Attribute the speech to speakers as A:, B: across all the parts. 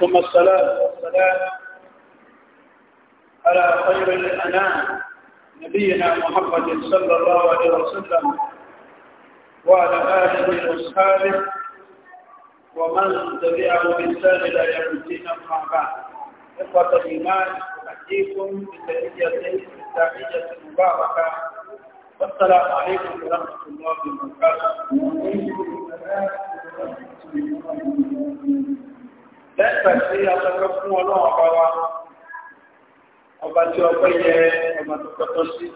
A: ثم الصلاة والسلام على خير الأنام نبينا محمد صلى الله عليه وسلم وعلى آله وأصحابه ومن تبعه بإنسان لا يوم مع بعض إخوة الإيمان أحييكم بتحية إسلامية مباركة والسلام عليكم ورحمة الله وبركاته. lẹ́gbà tí a sọ́kọ́ fún ọlọ́run ọba wa ọba tí ọpẹ́ yẹ ọmọ tó tọ́ sí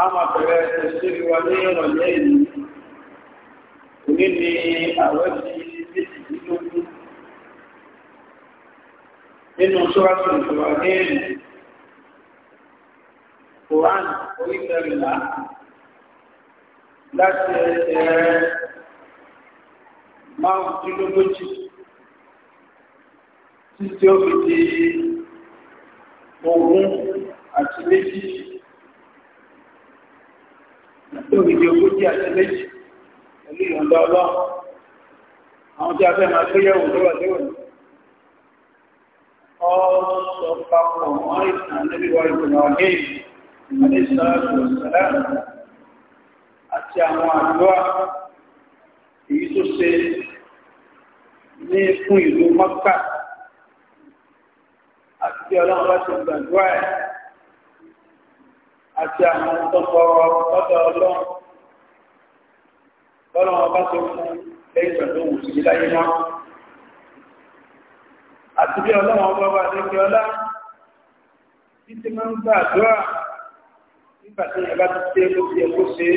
A: a máa bẹ̀rẹ̀ ẹ̀sẹ̀ wa ní ìrọ̀lẹ́ yìí òní ni àwẹ̀ ti méjìdínlógún nínú sọ́ràtì ìjọba ní èlì Quran orí kẹrìnlá láti ẹsẹ̀ márùndínlógójì títí ó fi di ogún àti méjì tó fi di ogójì àti méjì pẹ̀lú ìyọ̀ǹda ọlọ́run àwọn tí a fẹ́ máa gbé yẹ̀wò lọ́wọ́ lẹ́wọ̀ ní ọ̀sọ̀ papọ̀ wọ́n ìsàn níbi wọ́n ìpìnlẹ̀ ọ̀gẹ́ àdéṣàlù àti àwọn àdúrà èyí tó ṣe ní fún ìlú mọ́kà àti bí ọlọ́run bá ti gbàdúrà ẹ̀ àti àwọn tọkọ lọ́dọ̀ ọlọ́run lọ́lọ́run bá ti fún lẹ́yìn pẹ̀lú òṣèlú láyé mọ́ àti bí ọlọ́run bá wà ní ọlá títí máa ń gbàdúrà nígbà tí ìyàbá ti ṣe ló fi ẹ̀kọ́ ṣe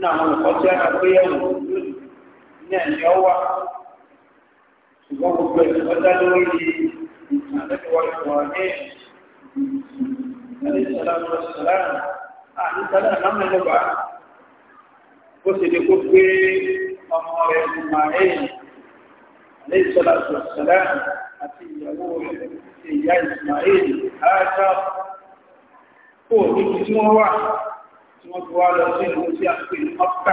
A: nínú àwọn ìkọ́jẹ́ àgbéyẹ̀wò lónìí ní ẹ̀yìn ọwà ṣùgbọ́n gbogbo ẹ̀sùn ọjà lórí ìtàlẹ́wọ̀ ìwọ̀n ní ẹ̀yìn sàlámù sàlámù àti sàlámù lámẹ́lẹ́bà ó sì lè kó pé ọmọ rẹ̀ ní màáyìn àlẹ́yìn sàlámù sàlámù àti ìyàwó rẹ̀ ìyá ìsmail ààtà
B: kó ní kí wọ́n wà
A: tí wọ́n fi wá lọ sí ìlú tí a pè ní mọ́kà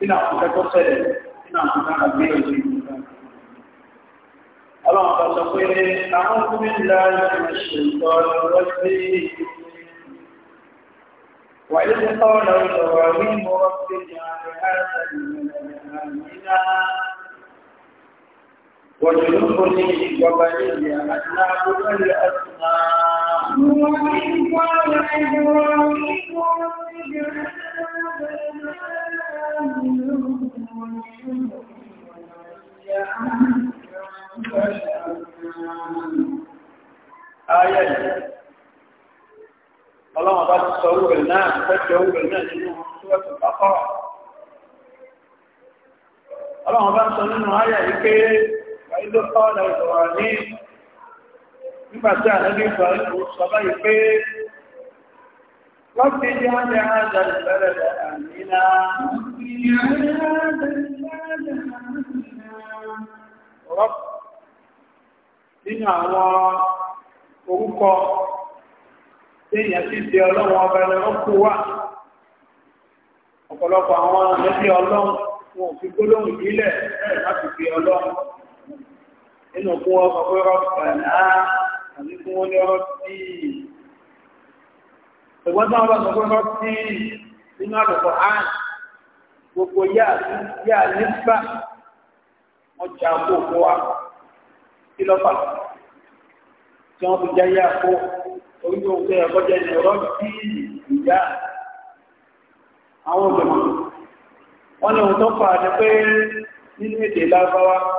A: nínú àkùnkẹ́ tó ṣẹlẹ̀ nínú àkùnkẹ́ àgbéyẹ̀wò ọlọ́run kan sọ pé àwọn kúmí ńlá ìrìnà ṣètò ọ̀rọ̀ sí wàyé tó kọ́ ọ̀rọ̀ ìrọ̀rọ̀ mímú ọ̀rọ̀ sí ìrìnà وجنوبني وبني أن نعبد الأصنام وإذ
B: قال إبراهيم رب
A: اجعل آية اللهم بارك صلوا بالناس فجعوا بالناس إنهم سورة البقرة
B: اللهم بارك صلوا بالناس
A: ìlú kọ́ọ̀lá ìwọ̀n ní nígbàtí àlẹ́bí ìgbà ìlú sọ báyìí pé wọ́n fi ní ọjọ́ àjọ ìbẹ̀rẹ̀ àmìnà nínú àwọn orúkọ tí èèyàn sì di ọlọ́run ọba ẹ̀rọ kú wà ọ̀pọ̀lọpọ̀ àwọn ẹ̀mẹ́bí ọlọ́run wọn ò fi gbólóhùn ìbílẹ̀ láti nínú kún wọn sọ pé rọ́pà náà àbí kún wọn ní rọ́pì ẹ̀gbọ́n tó wọn sọ pé rọ́pì nínú àlùkò án gbogbo yá nípa wọn jà kó fún wa kí ló tí wọn fi já yá kó orí tó ń pè ẹ̀kọ́ jẹ́ ní rọ́pì ìyá àwọn olùmọ̀ wọn ní ohun tó fà á pé nínú èdè lágbáwá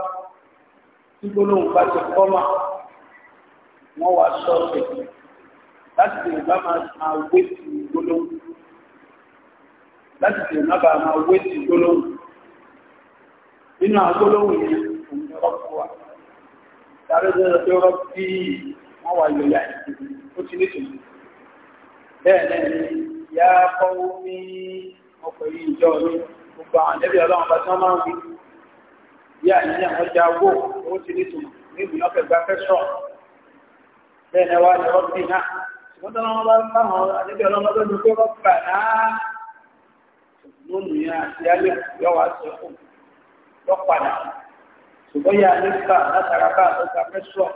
A: tí gbólóhùn bá ti kọ́mà wọ́n wá sọ́ọ̀tì láti lè bá máa wé sí gbólóhùn láti lè má bá máa wé sí gbólóhùn nínú àgbólóhùn yìí òun ni ọkọ̀ wa sáré lọ́dọ̀ tí ọ̀rọ̀ bí wọ́n wà yọ ya ó ti ní tòun bẹ́ẹ̀ náà ni ìyá kọ́wọ́ ní ọkọ̀ yìí ìjọ mi gbogbo àwọn ẹbí ọlọ́run bá tí wọ́n máa ń wí bí àníyàn ọjà owó owó ti nítumọ̀ ní ìgbìmọ̀ pẹ̀gbá fẹ́sọ̀ bẹ́ẹ̀ ni wá ní rọ́bì náà ṣùgbọ́n tó lọ́wọ́ bá ń bá wọn àdébí ọlọ́mọ tó dùn pé rọ́bà náà lónìí yẹn àti alẹ́ yọ wá sọ fún lọ́pàdà ṣùgbọ́n yà ní bá látara bá ọjà fẹ́sọ̀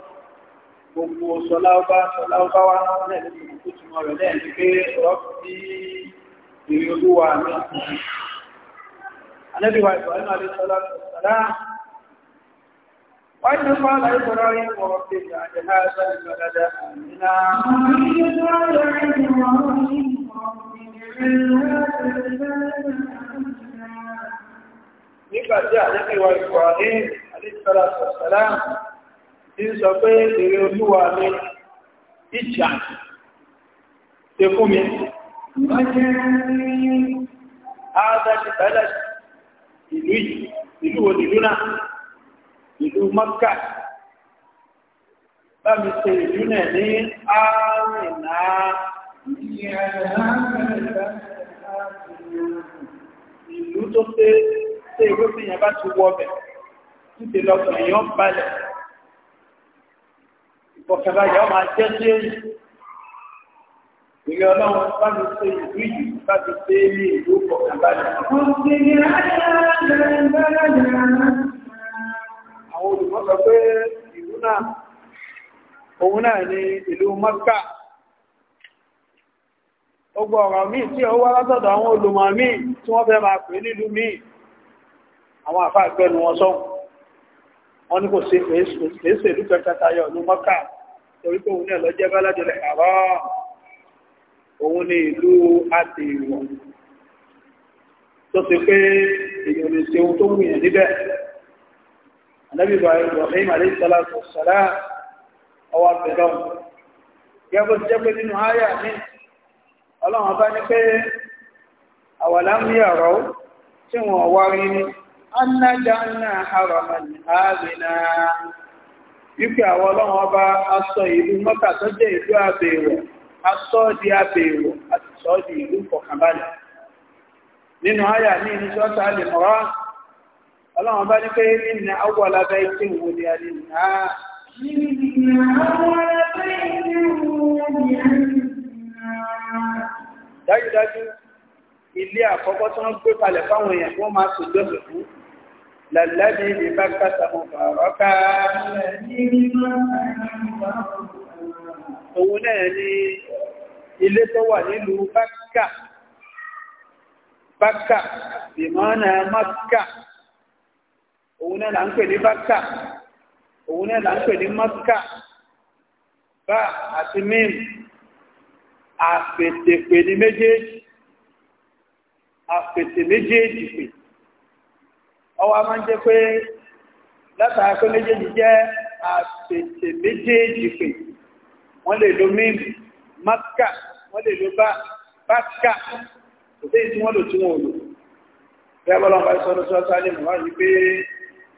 A: gbogbo sọláwọ́bá sọláwọ́bá wá náà lẹ́yìn tó túmọ̀ rẹ̀ lẹ́yìn ní pé rọ́bì ìrìn olúwa mi. وإذ قال إبراهيم رب اجعل هذا البلد آمنا وإذ قال إبراهيم رب
B: اجعل هذا
A: البلد آمنا nígbà ìlú mọ́kà bámi ṣe ìjúnẹ̀ ní àárìnà ìlú tó ṣe ṣe ìwé fi yẹn bá ti wọ́bẹ̀ títí lọ́pọ̀ èèyàn balẹ̀ ìfọ̀kẹ̀báyà ọmọ ajẹ́ sí èyí ìrẹ́ ọlọ́run bá ṣe ìlú yìí bá ṣe ní ìlú ìfọ̀kẹ̀báyà àwọn olùmọ́sọ pé ìlú náà òun náà ni ìlú Mọ́kà ogbò ọ̀rọ̀ míì tí ó wá látọ̀dọ̀ àwọn olùmọ̀ míì tí wọ́n fẹ́ máa pè nílùú míì àwọn àfáà gbẹ́nu wọn sọ wọ́n ní kò sí èsè ìlú kẹta yọ ní Mọ́kà torí pé òun náà lọ jẹ́ bẹ́lẹ́dẹ̀lẹ̀ àrọ́ òun ni ìlú àtìwọ̀n tó ti pé èèyàn lè ṣe ohun tó wùyàn níbẹ̀ anábì Ibrahim alayhi salatu wassalam ọwọ́ abẹ̀lọ́wọ́ gẹ́gbọ́ ti jẹ́ ninu nínú àyà ní ọlọ́run bá ní pé àwàlá ń rí ọ̀rọ̀ tí wọ́n wá rí ní annájáná haraman ààbìnà wípé àwọn ọlọ́run ọba aṣọ ìlú mọ́kà tó jẹ́ ìlú àbẹ̀wọ̀ aṣọ di àbẹ̀wọ̀ àti sọ ọlọ́run bá ní pé nínú àwọn alábẹ́ tí wò ní alẹ́ náà. dájúdájú ilé àkọ́kọ́ tí wọ́n gbé kalẹ̀ fáwọn èèyàn wọ́n máa sùn lọ́sẹ̀ fún làlábí ní bá kàtà mọ̀ bàrọ́ká. òun náà ni ilé tó wà nílùú bákà bákà bìmọ́nà mákà òun náà là ń pè ní bákà òun náà là ń pè ní mọ́kà bá àti mímu àfètèpè ní méjèèjì àfètè méjèèjì pè ọwọ́ a máa ń jẹ́ pé látara pé méjèèjì jẹ́ àfètè méjèèjì pè wọ́n lè lo mímu mọ́kà wọ́n lè lo bá bákà kò sí èyí tí wọ́n lò tí wọ́n lò bẹ́ẹ̀ bọ́lá bá sọ́dọ̀ sọ́dọ̀ sálẹ̀ mọ́ wáyé pé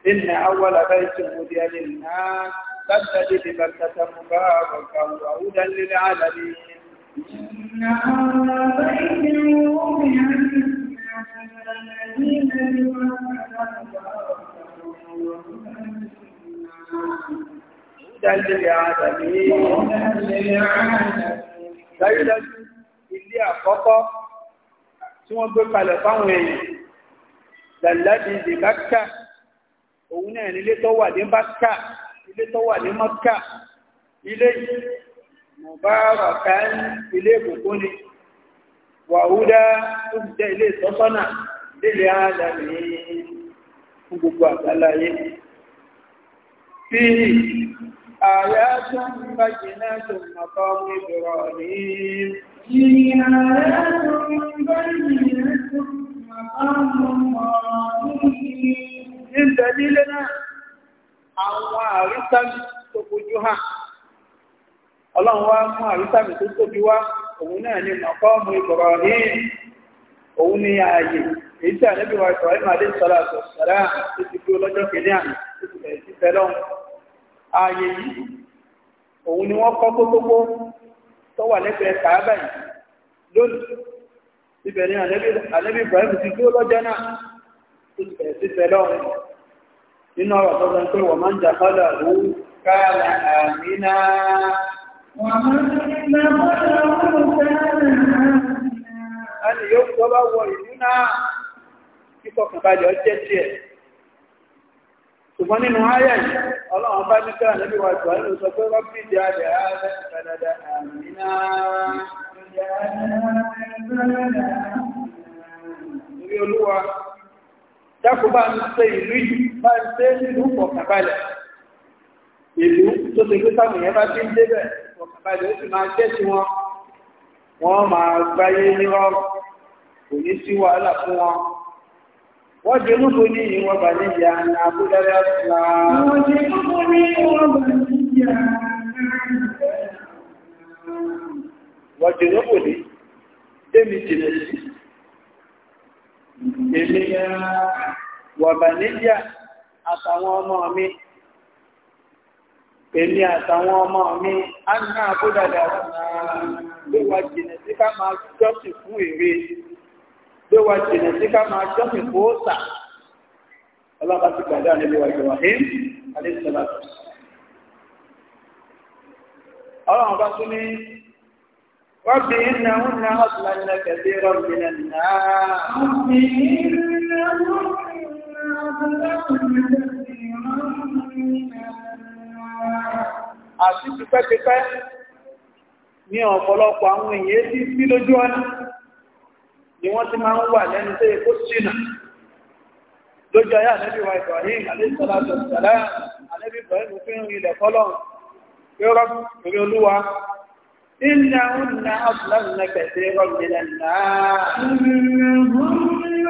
A: إن أول بيت هدي للناس فالذي ببكة مباركا وهدى للعالمين
B: إن أول بيت هدي للناس فالذي ببكة هدى
A: للعالمين dájúdájú ilé àkọ́kọ́ tí wọ́n gbé kalẹ̀ fáwọn èèyàn òun náà ní ilé tó wà ní bákà ilé tó wà ní mọ́kà ilé mubarakan ilé ìbùkún ni wàhúdá tó ti jẹ́ ilé ìtọ́sọ́nà lílé ààdàmì fún gbogbo àgbáláyé fi àyà tó ń bá tó mọ̀kọ́ ìbẹ̀rọ̀ ní ìrìnàrà tó ń bá jìnà tó mọ̀kọ́ ń bẹ nílé náà àwọn àrísàmì tó fojú hàn ọlọ́run mú àrísàmì tó tóbi wá òun náà ni mọ̀kọ́ọ̀mù òun ni ààyè èyí tí wa Ibrahim adé sọ́lá sọ́lá ti ti ni wọn kọ ibẹ̀ ni Ibrahim ti náà ti bẹ̀rẹ̀ sí nínú ọ̀rọ̀ tó sọ pé wọ́n máa ń jàkọ́lọ̀ ló káàlà àmìnà ẹni yóò tó bá wọ ìlú náà kíkọkànbalẹ̀ ọjẹ́ tiẹ̀ ṣùgbọ́n nínú ayé yìí ọlọ́run bá ní káà níbi olúwa dákò bá ń ṣe ìlú yìí bá ń ṣe ìlú pọ̀kàbalẹ̀ ìlú tó ti gbé sáwọn èèyàn bá ti ń débẹ̀ pọ̀kàbalẹ̀ ó sì máa jẹ́ sí wọn wọ́n máa gbáyé nírọ̀rùn kò ní sí wàhálà fún wọn wọ́n jẹ́ lóko ní ìwọ̀n bà ní ìyá ní abúdára ṣùlá wọ́n jẹ́ lóko ní ìwọ̀n bà ní ìyá wọ́n jẹ́ lóko ní démi jìnà sí èmi wàbàníjà àtàwọn ọmọ mi èmi àtàwọn ọmọ mi á ní àbúdàdà ló wà jìnà sí ká máa jọ́sìn fún èrè ló wà jìnà sí ká máa jọ́sìn fún òòṣà ọlọ́pàá ti gbàdá رب إنهن أضللن كثيرا من الناس رب Àti tipẹ́tipẹ́ ní ọ̀pọ̀lọpọ̀ àwọn èèyàn tí sí lójú ọ̀nà ni wọ́n ti máa ń wà lẹ́nu tó yẹ kó ṣìnà lójú ayá ànẹ́bí wa Ibrahim, àdéṣọ́lá ànẹ́bí Ibrahim fi إنهن أضللن كثيرا من الناس إنهن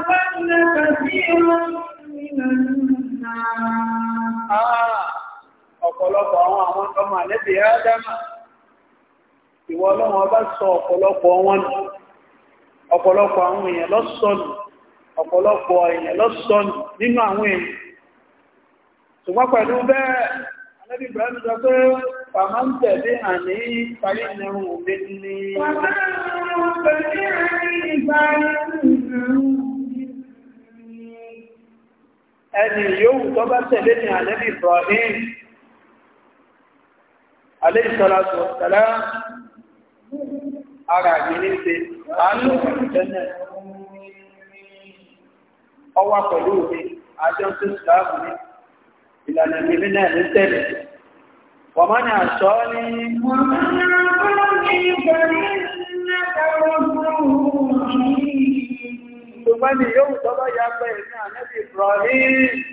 A: أضللن كثيرا من الناس آه. àwọn àwọn ọmọ àlẹ́bí ádámà ìwọ ọlọ́run ọba sọ ọ̀pọ̀lọpọ̀ wọn nù ọ̀pọ̀lọpọ̀ àwọn èèyàn lọ́sọ̀nù ọ̀pọ̀lọpọ̀ èèyàn lọ́sọ̀nù nínú àwọn èèyàn ṣùgbọ́n pẹ̀lú bẹ́ẹ̀ àlẹ́bí Ibrahim sọ pé Fàmá ń tẹ̀lé àní parí nẹrun òmé ní. Fàmá ń tẹ̀lé àní parí nẹrun Ẹni yóò tó bá tẹ̀lé ní àlẹ́bì Ibrahim, alẹ́ ìṣọ́lásọ̀ tẹ̀lá ara ìrìn ṣe, àánú ìjẹ́nẹ̀. Ọwá pẹ̀lú òfin, àjọ́ tó ṣùgbà ومن عصاني ثمن يوم يا بين نبي إبراهيم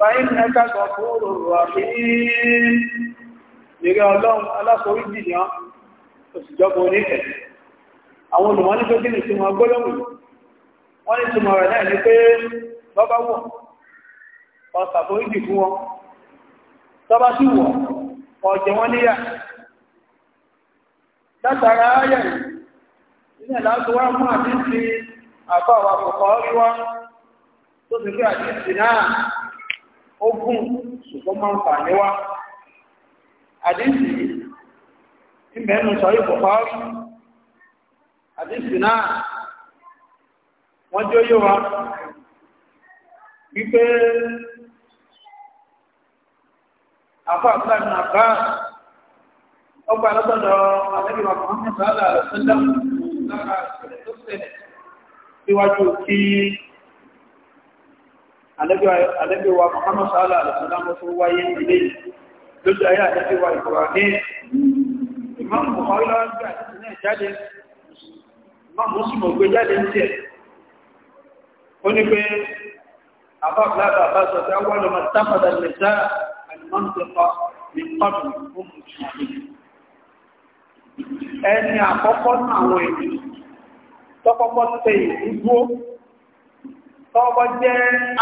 A: فإنك غفور رحيم Ìrẹ́ ọlọ́run alásorí jìyàn, òsìjọba oníkẹ̀. Àwọn olùmọ́ ní tó kí ní tí wọ́n gbọ́lọ́wùn. Wọ́n ní tí mọ̀ rẹ̀ náà ní pé bọ́bá wọ̀, ọ̀sàforí jì fún wọn. Tọ́bá sí wọ̀, ọ̀jẹ̀ wọn níyà látara ayẹ̀ ilẹ̀ láti wá mú àdíṣì àbá àwọn àkọ́kọ́ tó ti fi àdíṣì náà ó gùn ṣùgbọ́n máa ń fà níwá àdíṣì ìbẹ̀ẹ́nu sọ ìkọ̀kọ́ rí àdíṣì náà afa abúlé ní àbá ọgbà lọ́gbọ̀dọ̀ àlejò àkọ́kọ́ sàálà sẹ́dá lára ìṣẹ̀lẹ̀ tó ṣẹlẹ̀ síwájú kí àlejò wa Muhammad sàálà sẹ́dá mọ́ tó wáyé ilé lójú ayé àlejò wa ìkọ̀wà ní ìmáàmù Buhari lọ́wọ́ gbé àti ní ìjáde ìmáàmù Mùsùlùmí ògbé jáde ń tiẹ̀ ó ní pé àbá àbúlé àbá sọ pé àwọn tápàdà lè dáa mọ́nùtẹ́kọ́ ní kọ́dù fún ẹni àkọ́kọ́ náà àwọn ènìyàn tọ́kọ́kọ́ tẹ ìdúgbò tọ́kọ́ jẹ́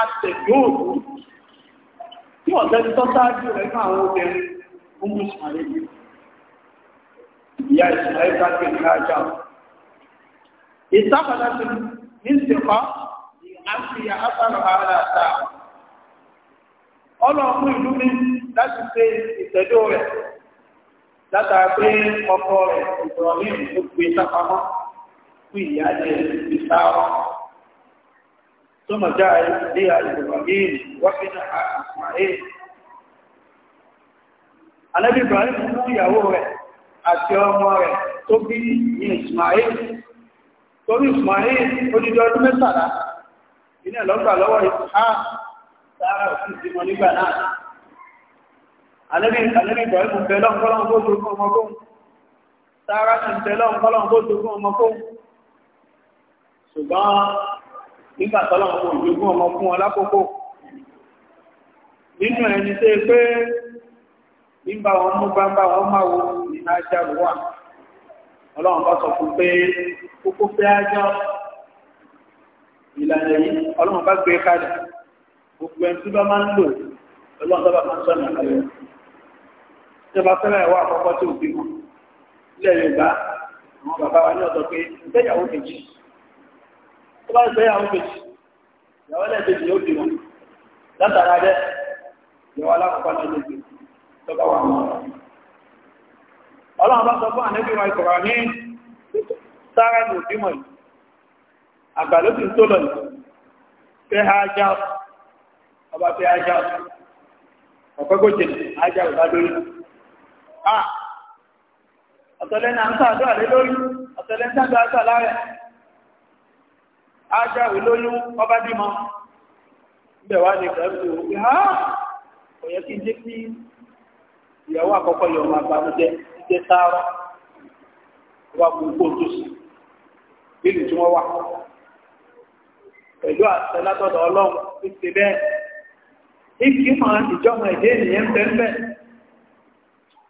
A: àtẹ̀gbòòrò tí ọ̀tẹ́ ti tọ́ sáájú rẹ̀ fún àwọn obìnrin fún mùsùlùmí ìyá ìsìnlẹ̀ ìgbàgbé ìgbàjá ìsáfàdá ti ní ìsìnkọ́ àti àtàrà ara àtà ọlọ́ọ̀kún ìlú mi láti ṣe ìtẹ́lú rẹ̀ látara pé ọkọ rẹ̀ ìbọ̀rọ̀ ní ìlú gbé sápamọ́ fún ìyá jẹ ìsáwọ́ tó mọ̀ já ilé ìbọ̀rọ̀ ní wọ́pínà àmàlẹ́ Ànábì Ibrahim mú ìyàwó rẹ̀ àti ọmọ rẹ̀ tó bí ní Ismail torí Ismail odidi ọdún mẹ́tàlá ilé ọlọ́gbà lọ́wọ́ ìfà sára òfin ìdímọ̀ nígbà náà
B: ànábì ànábì Ibrahim ń tẹ́lọ́ kọ́lọ́n bó tó
A: fún ọmọkóhùn sára ń tẹ́lọ́ kọ́lọ́n bó tó fún ọmọkóhùn ṣùgbọ́n nígbà tọ́lọ́n kò jogún ọmọ fún wọn lákòókò nínú ẹni tẹ́ pé nígbà wọn mú bámbá wọn máa wo ní ajáru wà ọlọ́run bá sọ fún pé kókó fẹ́ ajá ìlànà yìí ọlọ́run bá gbé kalẹ̀ gbogbo ẹni tí bá máa ń lò ọlọ́run bá máa ń sọ̀nà kalẹ̀ ìjọba fẹ́rẹ̀ ẹ̀wọ́ àkọ́kọ́ tí ò bí mọ́ ilẹ̀ Yorùbá àwọn bàbá wa ní ọ̀dọ̀ pé ìgbéyàwó kejì tó bá ìgbéyàwó kejì ìyàwó ẹlẹ́ẹ̀kejì yóò bí wọn látara dẹ ìyàwó alákọ̀ọ́kọ́ náà lè bí tó bá wà mọ́ ọlọ́run bá sọ fún wa ìkọ̀rọ̀ ní sára ní òbí yìí tó lọ yìí fẹ́ ha já ọba fẹ́ ha já à ọ̀tọ̀lẹ́ náà ń sàdúrà lé lórí ọ̀tọ̀lẹ́ ń sàdúrà sà láàrẹ̀ lóyún ọba bímọ bẹ̀ ní ìgbàlú òwe ha kí jẹ́ kí ìyàwó àkọ́kọ́ yọ ọmọ àgbàmújẹ jẹ́ sáárọ̀ gbogbo tí wọ́n wà pẹ̀lú àṣẹ látọ̀dọ̀ ọlọ́run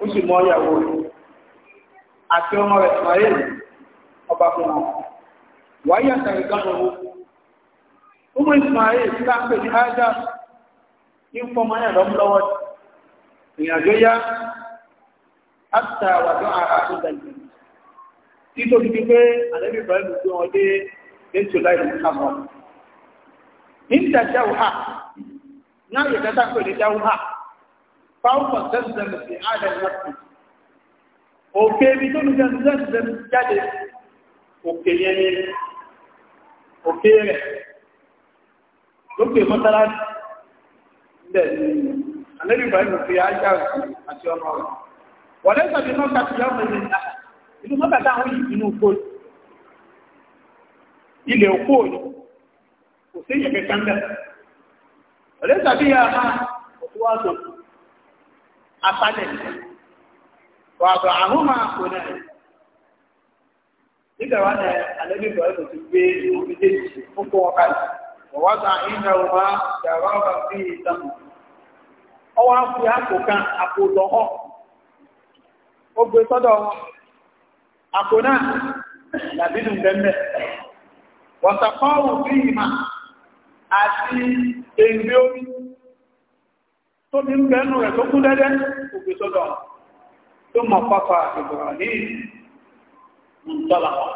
A: ó sì mọ ìyàwó rẹ̀ àti ọmọ rẹ̀ Ismail ọba fún wọn wáyé àtàrí gánàwó ó mú Ismail lápè ní ájá ní fọmọ náà lọ́mọlọ́wọ́ ìrìnàjò yá àtà wàdó ara tó dàgbé títóbi ti pé àlẹ́bí Ibrahim gbé wọn dé ètò láì ní kàmọ́ níta jáwó hà ní àyè kẹta pè ní jáwó hà fáwọn zẹ́mzẹ́m sí ààrẹ lọ́pù òkè ibi tó ní zẹ́mzẹ́m jáde òkè yẹn ni òkè rẹ̀ lókè mọ́sálásí ilẹ̀ ni àlẹ́bí ìbáyé ló fi ájá òkú àti ọmọ rẹ̀ wọ́n lẹ́sọ̀ bí mọ́ta ti yọ́ mẹ́rin náà inú mọ́ta táwọn yìí inú òkú ilẹ̀ òkú òní kò sí ìyẹ̀kẹ́ kan bẹ́ẹ̀ wọ́n lẹ́sọ̀ máa òkú wá sọ̀tún aṣálẹ̀ wà bọ̀ kò náà nígbà wà ti gbé ìlú méjèèjì fún wọn kalẹ̀ wọ́n wá sàn ìnà ọmọ yàrá ọba fi ìtàkùn ọwọ́ á àpò kan àpò lọ́họ́ ó gbé tó fi ń bẹ̀ẹ́nu rẹ̀ tó kú dẹ́dẹ́ òfin sọ́dọ̀ tó mọ̀ pápá ìbọ̀rọ̀ ní ìjọlàpá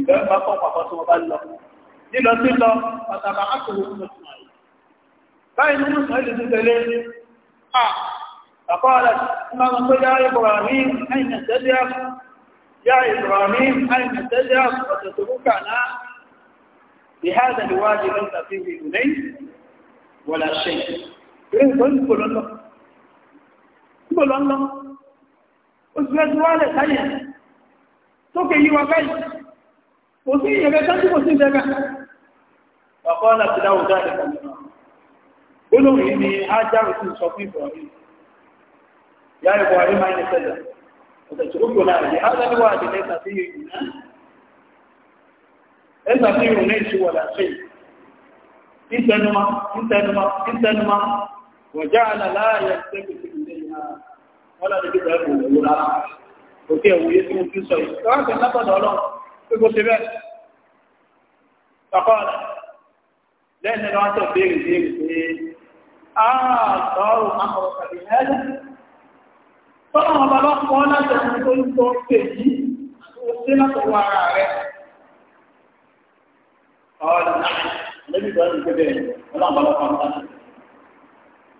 A: ìbẹ̀ bá pọ̀ pàpọ̀ tí wọ́n bá lọ nílọ sí lọ pàtàkì àkùnrin fún ọ̀sùn àyè báyìí nínú sọ́ọ̀lì ti tẹ̀lé à فقالت إمام يا إبراهيم أين تذهب يا إبراهيم أين تذهب وتتركنا بهذا الوادي ليس فيه إليه ولا شيء Èyí kò ní kò lọ́lọ́. Kò lọ́lọ́. Oṣù ẹ̀sùn wá lẹ̀ sáyẹ̀. Tókè yí wa báyìí. Kò sí ìyẹ̀bẹ̀ tó tí kò sí ìdẹ́gbẹ̀. Ọ̀pọ̀ ọ̀nà ti dáwọ̀ jáde kan. Gbólóhùn yìí ni Ájárò ti sọ fún Ibrahim. Yá Ibrahim máa ń ní sẹ́jà. Ọ̀sẹ̀ وجعل لا يلتفت إليها ولا pé kò ṣe tàbí ẹ̀ẹ́dẹ̀ tọ́lá wọn bá bá láti ẹni tó ń tó pè yí ó sí láti wọ ara rẹ̀ ọ̀rọ̀ náà lẹ́yìn ìgbà tó ń gbé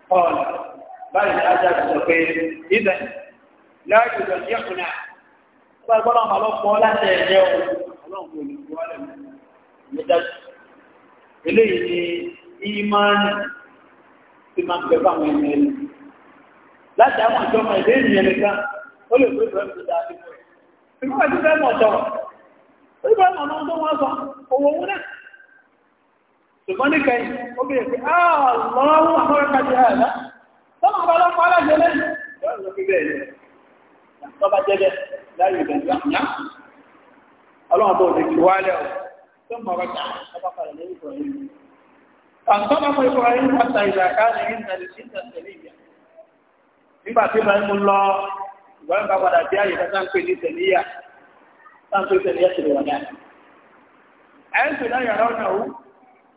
A: قال ndị láti àtúntò pé ibẹ̀ láàyè ndị ní ẹ̀kúnà bá gbọ́dọ̀ máa lọ pọ̀ láti ẹ̀yẹ o ọlọ́run kò ní wọ́n lẹ̀ ní dájú. ṣùgbọ́n ní kẹ́yìn ó bèèrè pé ààlọ́wọ́ àwọn ọ̀rẹ́kàjẹ́ ààlá tọ́nà ọba lọ́pàá aláṣẹ lẹ́yìn yóò lọ fi bẹ́ẹ̀ lẹ́yìn tọ́ba jẹ́jẹ́ láyé ìgbẹ̀ǹgbà yá ọlọ́run tó lè fi wálẹ̀ ọ̀ tó mọ̀ ọ̀rọ̀ tàà tọ́ba padà lẹ́yìn ìfọ̀rọ̀ yìí kàǹtọ́ba fún ìfọ̀rọ̀ yìí pàtà ìlà káàní yìí nàlẹ́ sí ìbáyé mú lọ ìbáyé bá padà bí àyè bá sáńpé ní tẹ̀líyà sáńpé tẹ̀líyà tẹ̀líyà dáadáa. àyẹ̀sùn náà yàrá ọ̀nà òun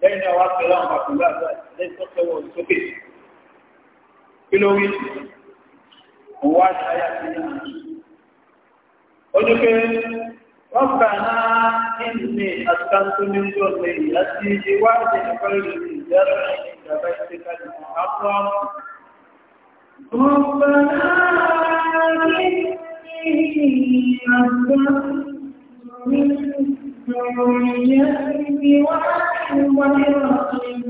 A: lẹ́yìn náà wá pẹ̀lú àwọn àkùnrin àgbà lẹ́yìn tó fẹ́ wọ̀ sókè. kí ló wí? òun wá ṣe ayé àti ìlú. ojúkẹ́ wọ́n kà náà nínú àtúntò níjọ́ lẹ́yìn láti ìwádìí nípa ìlú ìjọba ìjọba ìṣẹ́kálẹ̀ àpò àwọn. ربنا إني أسلمت من ذريتي وأنا Ànábì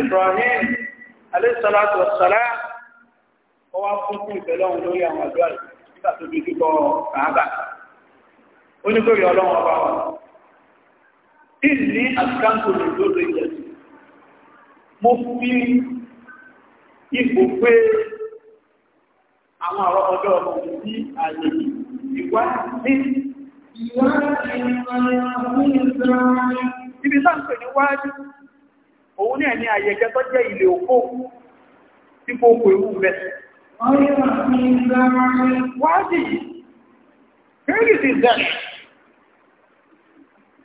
A: Ibrahim, alayhi salatu wa salam, kọ́ wá fún fún ìfẹ́ lọ́hùn lórí àwọn àjọ àìsí nígbà tó dojú kọ kàábà ó ní kórè ọlọ́run ọba wa tí ní àtìkáńtò lè lóde ilẹ̀ mo fi ipò pé àwọn àwọn ọjọ́ ọmọ mi sí àyè ìwá ní ibi sáǹpẹ̀ níwájú òun ní ẹni àyẹ̀kẹ́ tó jẹ́ ilé òkú tí kò kò ewu mẹ́sàn واجب Where is that?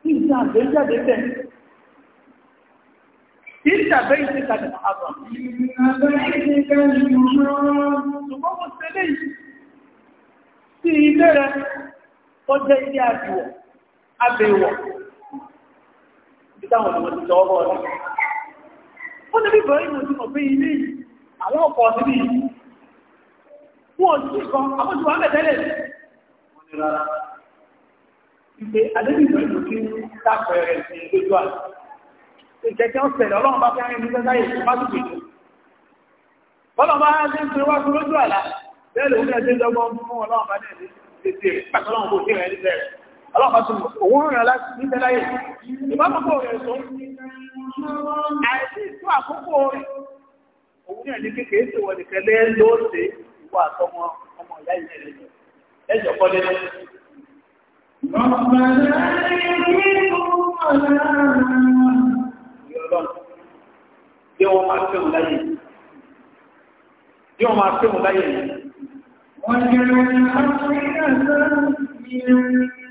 A: Ìjà àgbéjáde tẹ̀. Ìjà bẹ́yìn tí kàdì àbà. Ṣùgbọ́n mo tẹ́lẹ̀ sí ilé rẹ̀ tó jẹ́ ilé àbẹ̀wọ̀. Àbẹ̀wọ̀. Ìdáwọn ọmọ ti lọ́wọ́ rẹ̀. Ó ní bí bọ̀ fún ọdún ìkan àbójú wọn bẹ̀tẹ́lẹ̀ wọn ni rárá ìpè àdébìbò ìlú kí dápẹ̀rẹ̀ sí lójú àná ìkẹ̀kẹ́ ọ̀sẹ̀lẹ̀ ọlọ́run bá fẹ́ràn ní sẹ́sáyé má tó pè tó bọ́lọ̀ bá ṣe ń pè wá sí lójú àlá bẹ́ẹ̀ lòun náà ṣe ń dọ́gbọ́n fún ọlọ́run bá dẹ̀ ní ṣe pàtó ọlọ́run kò sí rẹ̀ ní sẹ́rẹ̀ ọlọ́run bá tún òun rìn àlá ní sẹ́láyé ìbámọ́kò rẹ̀ tó àìsí ìtú àkókò rẹ̀ òun náà ní kékeré ṣèwọ̀ nìkan lẹ́ lóòṣèé ọkọ àtọmọ ọmọ ìyá ìyá rẹ̀ lọ. Ẹjọ́ kọ́ lé lọ́wọ́. Bí wọ́n máa fẹ́ wọn máa fẹ́ wọn láyé. Wọ́n jẹ́ àfíríkà sáà ní ẹ̀rọ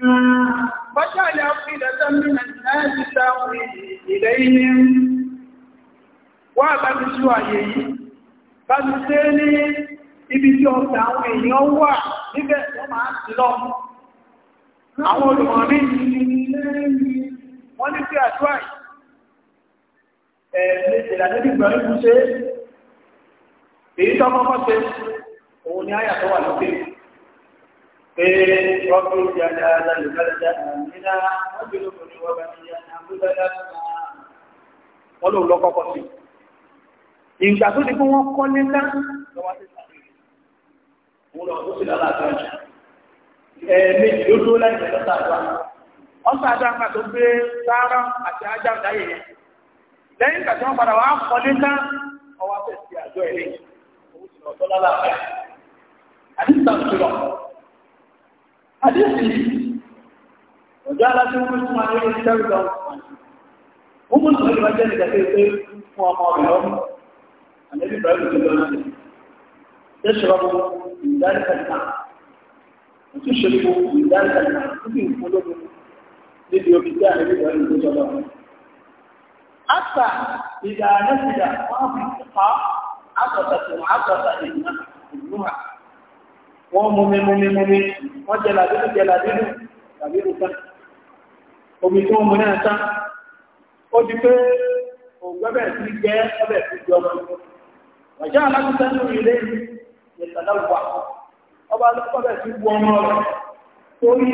A: náà. Bọ́ṣà ni àfíríkà من الناس تأوي إليهم وأبدسوا عليه بل سيني ibi tí ọ̀sẹ̀ àwọn èèyàn wà níbẹ̀ wọ́n máa ti lọ. Àwọn olùmọ̀rí wọ́n ní sí àdúrà ẹ̀ẹ̀lẹ́ ìlànẹ́bí ìgbàrí mú ṣe èyí tó mọ́kọ́ ṣe òun ni àyà tó wà lókè. Ee, ọdún ìjàdá alálùgbàlẹ̀ àmìnà wọ́n bí lókùnrin wọ́n bá ní àbúdá láti máa wọ́n lóun lọ́kọ́kọ́ sí. Ìgbà tó ní kí wọ́n kọ́ nílá lọ́wọ́ sí òun lọ sí lọ́la tó ń jù
B: ẹ̀ẹ̀mejì ló dúró láì fẹ́ lọ́sà àdúrà
A: ọ̀sà àdúrà kan tó gbé sáárà àti ajá ìdáyè yẹn lẹ́yìn ìgbà tí wọ́n padà wá kọ́lé ná ọwọ́ fẹ́ sí àjọ ẹ̀ lẹ́yìn òun sì lọ sọ lọ́la àfẹ́ àdìsí àwọn ìṣòro àdìsí ọjọ́ aláṣẹ wọn fún wa lórí ìṣẹ́rù lọ wọn mú ìṣòro ìwájú ẹ̀ nígbà tó yẹ pé fún ọmọ rẹ̀ lọ́mú àlejò ìbáraẹ̀lì يشرب من ذلك الماء وتشرب من ذلك الماء تبين قلوب لليوكتان بذلك الجبار حتى إذا نزل بعض الثقاء عطفت وعطف إنها كلها ومم مم مم وجلابيب جلابيب جلابيب كان ومتوم مناسا وجبه وجبه في جاه وجبه في جاه وجعل أكثر إليه ìtàláwà ọba lọ́pọ̀lẹ̀ sí wọ ọmọ rẹ̀ tó rí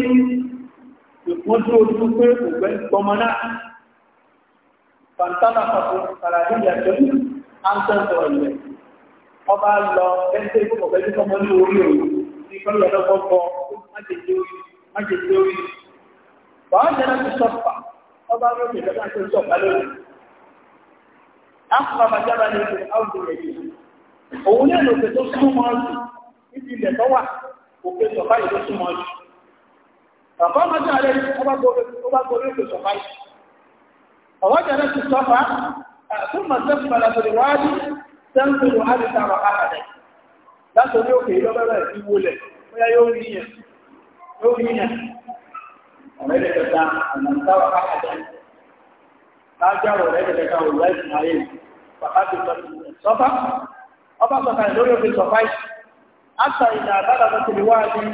A: ìpọ́njú ojú pé ògbẹ́ gbọmọ náà fàntánà pàtó kàràdé ìyàjọ́ áńtẹ́sọ̀ ilẹ̀ ọba lọ ẹgbẹ́ ìpọ̀gbẹ́ tí ọmọ ní orí òun ní kọ́lọ̀ lọ́gbọ́gbọ́ májèjì orí májèjì orí wàá jẹ́ láti sọ́pà ọba lọ́pọ̀ ìjọba tó sọ̀pá lórí òun ní èlò tó súnmọ́ ọdún níbi ilẹ̀ tó wà òkè sọ̀fà yìí tó súnmọ́ ọdún bàbá ọmọdé alẹ́ ó bá gorí òkè sọ̀fà yìí ọwọ́jà rẹ̀ ti sọ́fà fún màsẹ́fù màlàfẹ́lẹ̀ wáájú sẹ́ńtìrì àdìsára àhàdẹ̀ látòrí òkè ìlọ́bẹ̀rẹ̀ ìwọlẹ̀ bóyá yóò rí yẹn yóò rí yẹn ọ̀rẹ́ lẹ́kẹ̀ẹ́ta àmàlùsára àhàdẹ̀ lájárò ọ̀rẹ́ lẹ́kẹ̀ẹ́ta òwúrẹ́ ìsìn ọba sọ̀kalẹ̀ lórí òfin sọ̀fáì àtà ìlà àbádà tó ti wá ní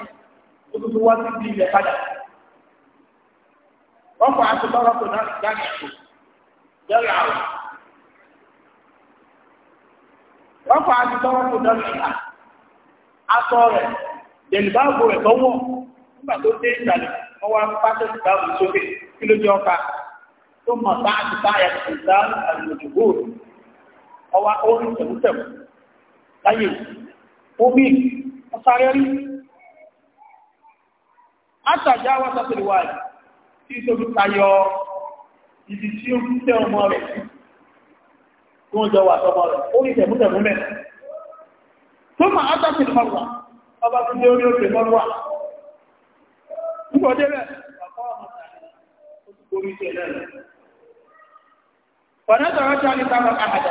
A: ojútùú wá sí ibi padà ọkọ̀ àti bọ́rọ̀ kò náà dáná ẹ̀kọ́ jẹ́rìí àwọ̀ ọkọ̀ àti náà nígbà tó dé wá sókè kí ló ọkà tó bá láyé omi ọ̀sáré rí átàjá wá sátìlúwà rẹ̀ tí tó fi tayọ ibi tí ó tẹ ọmọ rẹ̀ tó ń jọ wà tọmọ rẹ̀ ó ní tẹ̀mútẹ̀mú mẹ́ tó mà átàjá mọ́wà ọba tó dé orí òkè mọ́wà nígbà tí a ní sábà káàdà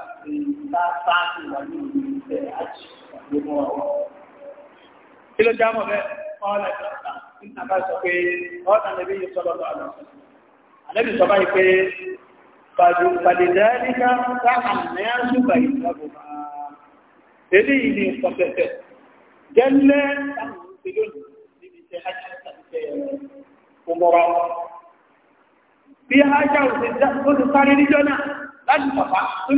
A: Kí ló jámọ̀ bẹ́ ọ́lẹ̀ ìjọba nígbà sọ pé ọ́nà lẹ́bí yìí sọ́lọ́ lọ́wọ́ lọ. Àlẹ́bí sọ báyìí pé Fàdìdá nígbà sáà mẹ́rin ṣùgbà ìjọba. Èdè yìí ni ìpọ̀pẹ̀tẹ̀. Gẹ́lẹ́ àwọn òṣèlú níbi tẹ́ ajá tàbí tẹ́ ọmọ láti sọ̀fà sí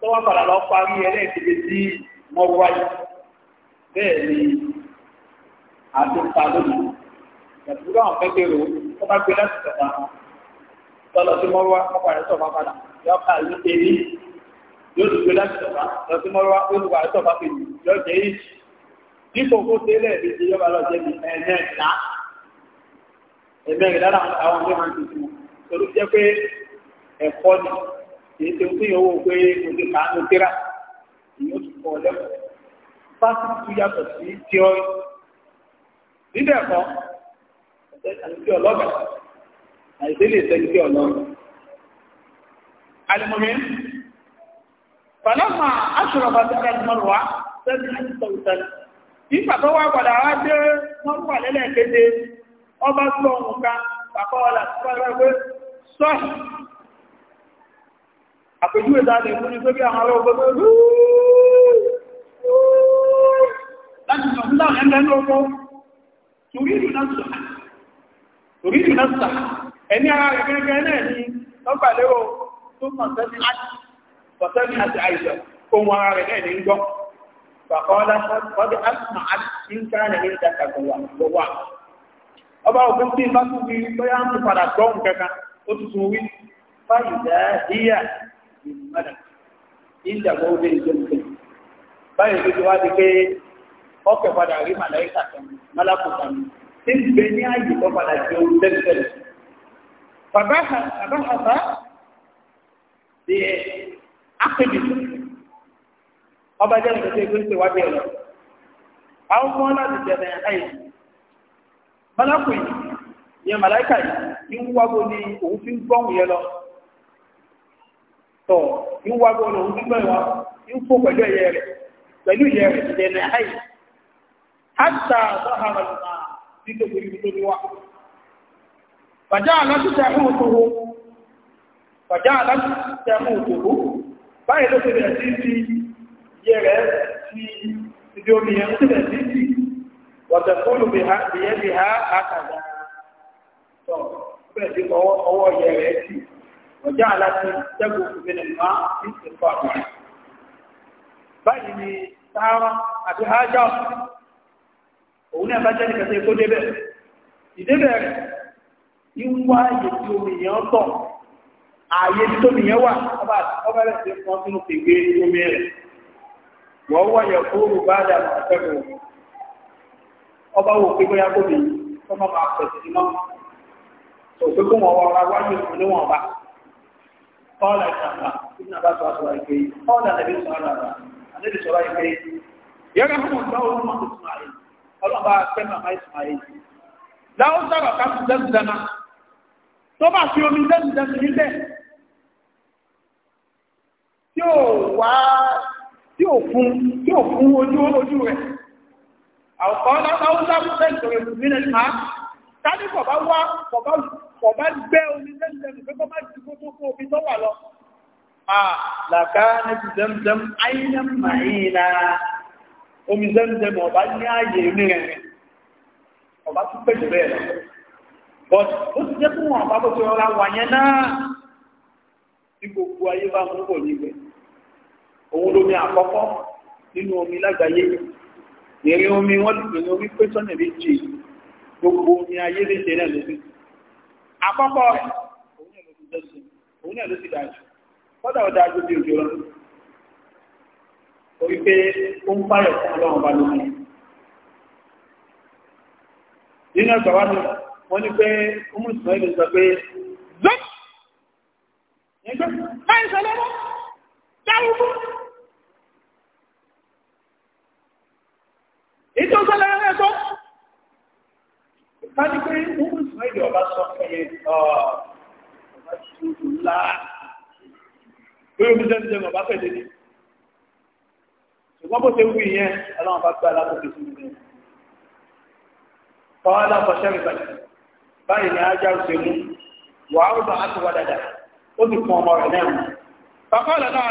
A: tó wá padà lọ parí ẹlẹ́ẹ̀kẹ́lẹ́ sí mọ́rúwá bẹ́ẹ̀ ni àtúntà lónìí ẹ̀fúrú àwọn fẹ́ bá gbé láti sọ̀fà tọ́lọ sí mọ́rúwá ọkọ̀ rẹ̀ padà yọ ká yóò ti láti sọ̀fà ẹgbẹ́ rẹ̀ lára àwọn ọmọ máa ń tuntun torí jẹ́ pé ẹ̀kọ́ ni kì í ṣe fún ìyàwó pé oṣù kàánú kíra ìyóò tún kọ́ lẹ́kọ̀ọ́ fásitì tún yàtọ̀ sí tíọ́rì àti ọlọ́gà àìsí lè fàlọ́mà aṣọ́rọ̀bà àti sọ̀rọ̀ ìgbà tó wá padà wá dé ọba tó ọ̀hún ká pàpá ọ̀là tó pàpá pé sọ́ọ̀hì fún ní bí àwọn láti torí ìlú náà ẹni ara rẹ̀ gẹ́gẹ́ náà ní tó pọ̀sẹ́ni àti àìsàn ohun ara rẹ̀ ní gbọ́ pàpá ọba òfin tí bá tún fi bóyá ń padà gbọ́ nǹkan kan ó tuntun wí fáyì dáhíyà ìmọ̀lẹ̀ ìjàgbọ́ ó dé ìjọ nìkan báyìí tó ti wá di pé ọkẹ́ padà rí màláìkà kan málákùnkà mi tí ń gbé ní àyè tó padà jẹ ohun tẹ́lifẹ̀lẹ̀ bàbá àbá di ákébi ọba jẹ́ nǹkan tó ṣe pé ń ṣèwádìí ẹ̀rọ àwọn ọmọ láti jẹ mọ́lákù yìí yẹn màláìkà yìí ń wágbó ní òun fi ń gbọ́hùn yẹn lọ tọ̀ ń wágbó ní òun fi gbọ́hùn wọn ń fò pẹ̀lú ẹ̀yẹ rẹ̀ pẹ̀lú ìyẹ rẹ̀ sọ́hàrà tó ní wá òtòwò òtòwò báyìí ló ti sí ti yẹ rẹ̀ sí omi yẹn ti sí ti wọ̀tẹ̀kúlù bìyẹ́bì ha àkàdá tọ̀ bẹ́ẹ̀ tí ọwọ́ yẹ rẹ̀ sí ọjọ́ aláti tẹ́gùn ìbìnrin máa ń ti fọ́ àwọn báyìí ni sáárá àti ájá òun náà bá jẹ́ nìkan tó kó débẹ̀ ìdébẹ̀ rẹ̀ ìwá ààyè tí omìyàn tọ̀ ààyè tí omìyàn wà ọba rẹ̀ ti pọ́n sínú pègbè omi rẹ̀ wọ́n wọ̀nyẹ̀ fóòrù bá dà ọba wo pé bóyá kóbi kó má pẹ̀sì ní mọ́ òfin kó wọn wọra wáyé òfin ní wọn ọ̀là ìjàmbá ìjìnà bá sọ àṣọ àìpé ọ̀là àdàbí sọ àlà àlà àdàbí sọ àìpé yọ̀rọ̀ fún ọ̀gá òun mọ̀ ìsmáyé ọlọ́ba pẹ́ màmá ìsmáyé láwọn sọ̀rọ̀ ká fún dẹ́mùdẹ́mà tó bá fi omi dẹ́mùdẹ́mù níbẹ̀ tí ò wá tí ò fún ojú ojú rẹ̀ àwòkọ́ láwùjá fẹ́ ìṣòro ìbùmínà ní máa tàbí kọ̀bá wá kọ̀bá gbẹ́ omi lẹ́nu pé kọ́ bá ti kó tó kó omi tó wà lọ. Àlàká ní ti zẹ́mzẹ́m ayé màáyìnà omi zẹ́mzẹ́m ọ̀bá ní ààyè mìíràn ọ̀bá tún pẹ̀ jù bẹ́ẹ̀ lọ. But ó ti jẹ́ fún wọn ọ̀bá tó ti wà yẹn náà ní gbogbo ayé bá mú kò ní Òun lomi àkọ́kọ́ nínú omi lágbàáyé èrè omi wọ́n lùlù ní omi pé sọ́nà méjì gbogbo omi ayé lè ṣe náà lóbi àkọ́kọ́ rẹ̀ òun náà ló ti dẹ́sù òun náà ló ti dájú kọ́dà ó dájú bí òjò lọ orí pé ó ń parẹ̀ fún ọlọ́run bá lómi nínú ẹgbà wa ni wọ́n ní pé ó mú ìsìnkú ìlú sọ pé zọ́ọ̀ nígbà máa ń sọ lọ́wọ́ dáhùn fún ètò sọ́lẹ̀ ẹ̀tọ́ kájú pé wọ́n mú ìsìnkú ọba sọ fún yẹn ọba tí ó lá pé omi jẹ́ jẹ́ ọba fẹ́ lélẹ̀ ṣùgbọ́n bó ṣe wù yẹn ọlọ́run bá gbé alábòkè sí ilé kọ́ọ́lá bọ̀ṣẹ́ ìbàdí báyìí ni ajá ṣe mú wàá rúbà á ti wá dáadáa ó sì fún ọmọ rẹ̀ náà bàbá ọ̀là náà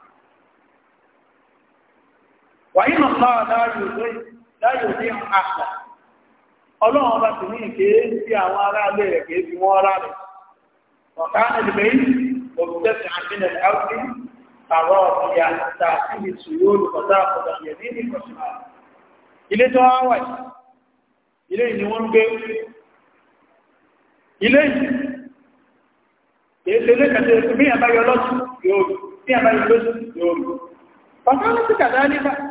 A: wàyínà náà láàyò sí ọlọ́run ní ìkéé sí àwọn rẹ̀ kéé fi wọ́n rà rẹ̀ ẹ̀dẹ̀gbẹ̀ àwọn ń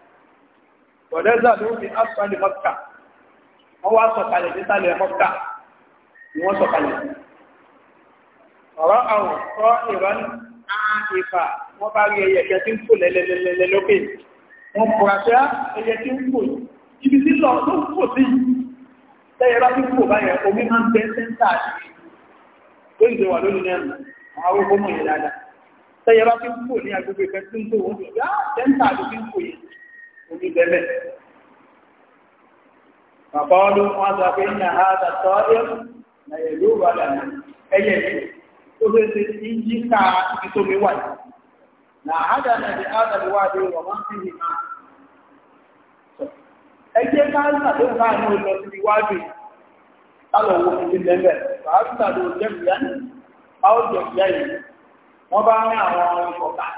A: ọ̀dẹ́zà ló fi asfali mọ́kà wọ́n wá sọ̀kalẹ̀ nísàlẹ̀ mọ́kà ni wọ́n sọ̀kalẹ̀ ọ̀rọ̀ àwọn kọ́ ìrọ̀n ìfà wọ́n bá rí ẹyẹ kẹ tí ń fò lẹ́lẹ́lẹ́lẹ́ lókè wọ́n kura pé ẹyẹ tí ń fò ibi tí lọ tó ń fò sí lẹ́yẹ bá tí ń fò báyẹn omi máa ń bẹ́ sẹ́ńtà tó ìdè wà lónìí náà àwọn arúgbó mọ̀ yẹn dáadáa lẹ́yẹ bá tí ń fò ní agbègbè kẹ tí ń fò wọ́n fi ah, sẹ́ńtà ló fi ń fò yẹn omi bẹ́ẹ̀ bàbá ọdún wọn sọ pé ní na ìlú ìbàdàn náà ẹyẹ yìí tó fẹ́ ṣe ti ká ibi na àhádà náà di àhádà ló wà máa ń fi yìí máa
B: ẹ jẹ́ ń síbi
A: wájú wo ti bàbá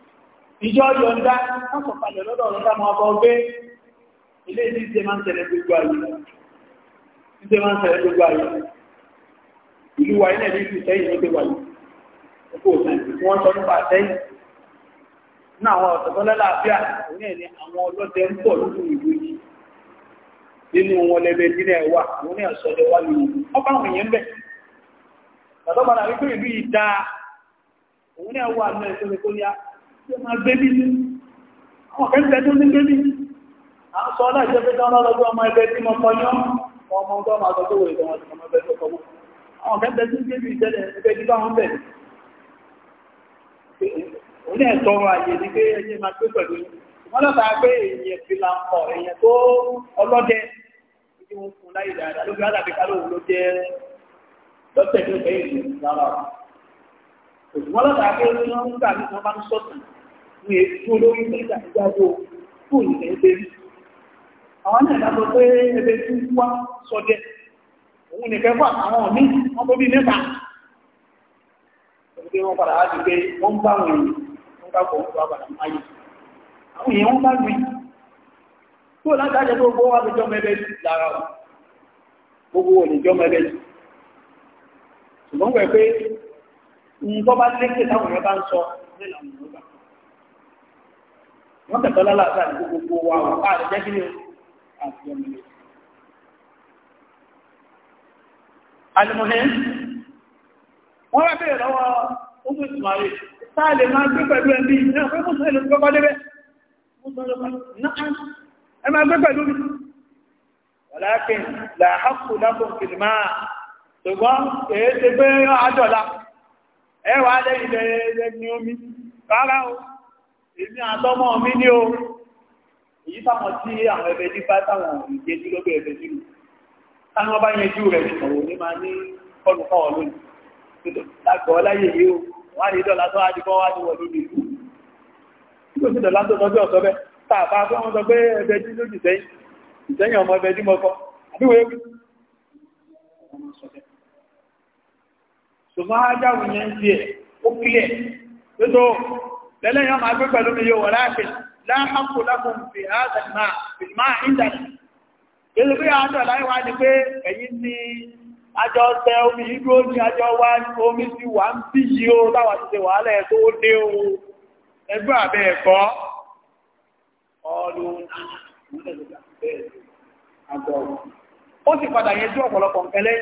A: ìjọ yọ̀ǹda lọ́sọ̀ kalẹ̀ lọ́dọ̀ ọ̀rọ̀dá máa bọ́ gbé ilé ní ṣe máa ń tẹ̀lé gbogbo ayé ṣe máa ń tẹ̀lé gbogbo ayé ìlú wa ilẹ̀ ní ìlú sẹ́yìn ló gbé wà yìí ọkọ̀ òsàn tí wọ́n sọ nípa sẹ́yìn ní àwọn ọ̀sẹ̀ tó lálàáfíà òun ẹ̀ ní àwọn ọlọ́dẹ ń pọ̀ lójú ìlú yìí nínú wọn lẹ́bẹ̀ nílẹ̀ wà òun ẹ̀ sọ̀dẹ̀ wà lóyún ọba àwọn èèyàn bẹ̀ tàbí ọba làwọn ìlú yìí dáa tí ó máa gbé bí ní àwọn kẹ́ńtẹ́ tó ní gbé bí a ń sọ láìjẹ́ pé tán lọ́lọ́gbọ́ ọmọ ẹgbẹ́ tí mo kọyọ́ ọmọ ọgbọ́n máa sọ tó wòye tọ́wọ́ sí ọmọ ẹgbẹ́ tó kọwọ́ àwọn kẹ́ńtẹ́ tó gbé bí ìtẹ́lẹ̀ ẹgbẹ́ tí báwọn bẹ̀ òní ẹ̀tọ́ àyè ni pé ẹyẹ máa pé pẹ̀lú wọ́n lọ́ta pé èèyàn fi là ń kọ̀ èèyàn tó ọlọ́dẹ tí fún láyé dáadáa ló fi ló jẹ́ lọ́tẹ̀ tó bẹ́ẹ̀ ìlú lára òṣùwọ́n lọ́dà pé ó ní gbà ní wọ́n bá ń sọ̀tàn ní ètò olórí ní ìdàgbàgbò kú ìlẹ̀ ẹgbẹ́ àwọn náà dábọ̀ pé ẹgbẹ́ tí ń wá sọdẹ òun nìkẹ́ fún àwọn míì wọ́n tó bí mẹ́ta òun pé padà wá ti pé wọ́n bá wọn èèyàn wọ́n bá kọ̀ wọ́n bá padà máyé àwọn èèyàn wọ́n bá gbìn tó látàjẹ́ tó gbówó àbújọ́ mẹ́bẹ́ lára wọn gbogbo òlèjọ́ mẹ́bẹ́ ṣùgbọ́n pẹ̀ pé nǹkan bá lékè táwọn èèyàn bá ń sọ
B: nílò àwọn èèyàn gbà.
A: wọ́n tẹ̀tọ́ lálàáfíà ní gbogbo wa wà á rẹ̀ jẹ́ kí ni àti ọmọ ilé. alimohin wọ́n rẹ̀ bèèrè lọ́wọ́ oṣù ìsìnmáyé táà lè máa gbé pẹ̀lú ẹbí náà pé mú sọ́yìn lọ́pọ̀ débẹ̀ ẹ máa gbé pẹ̀lú mi. wàlákin làákù lápò kìlìmáà ṣùgbọ́n èé ti gbé àjọ̀lá ẹwà lẹ́yìn lẹ́ni omi rárá o èmi àtọ́mọ́ mi ní o èyí táwọn tí àwọn ẹ̀bẹ̀ ní bá táwọn ìgbéjú lọ́gbẹ̀ ẹ̀bẹ̀ nínú táwọn bá yẹjú rẹ̀ ìṣòro ní máa ní kọlùkọ́ ọlọ́nì lágbọ́ láyé yìí o wà ní dọ́là tó wájú kọ́ wájú wọ̀ lórí ìlú nígbà tí dọ́là tó tọ́jú ọ̀sọ́ bẹ́ tààbà fún wọn sọ pé ẹ̀bẹ̀ jí lójú sẹ́yìn ìsẹ́yìn ọmọ ẹ̀bẹ̀ ṣùgbọ́n ajáwù yẹn ń di ẹ̀ ó kílẹ̀ tó lẹ́lẹ́yìn ọmọ agbé pẹ̀lú mi yóò wọ̀ láàfin láàpù lákùn fi àádọ́mà fìlmà ìdàdì èdè pé àádọ́ láì wá ní pé ẹ̀yìn ní àjọ tẹ omi ìgbó ní àjọ wá omi sí wà ń bí yìí ó láwà ti ṣe wàhálẹ̀ tó dé o ẹgbẹ́ àbẹ́ ẹ̀kọ́ ọlọ́run ó sì padà yẹn jú ọ̀pọ̀lọpọ̀ nǹkan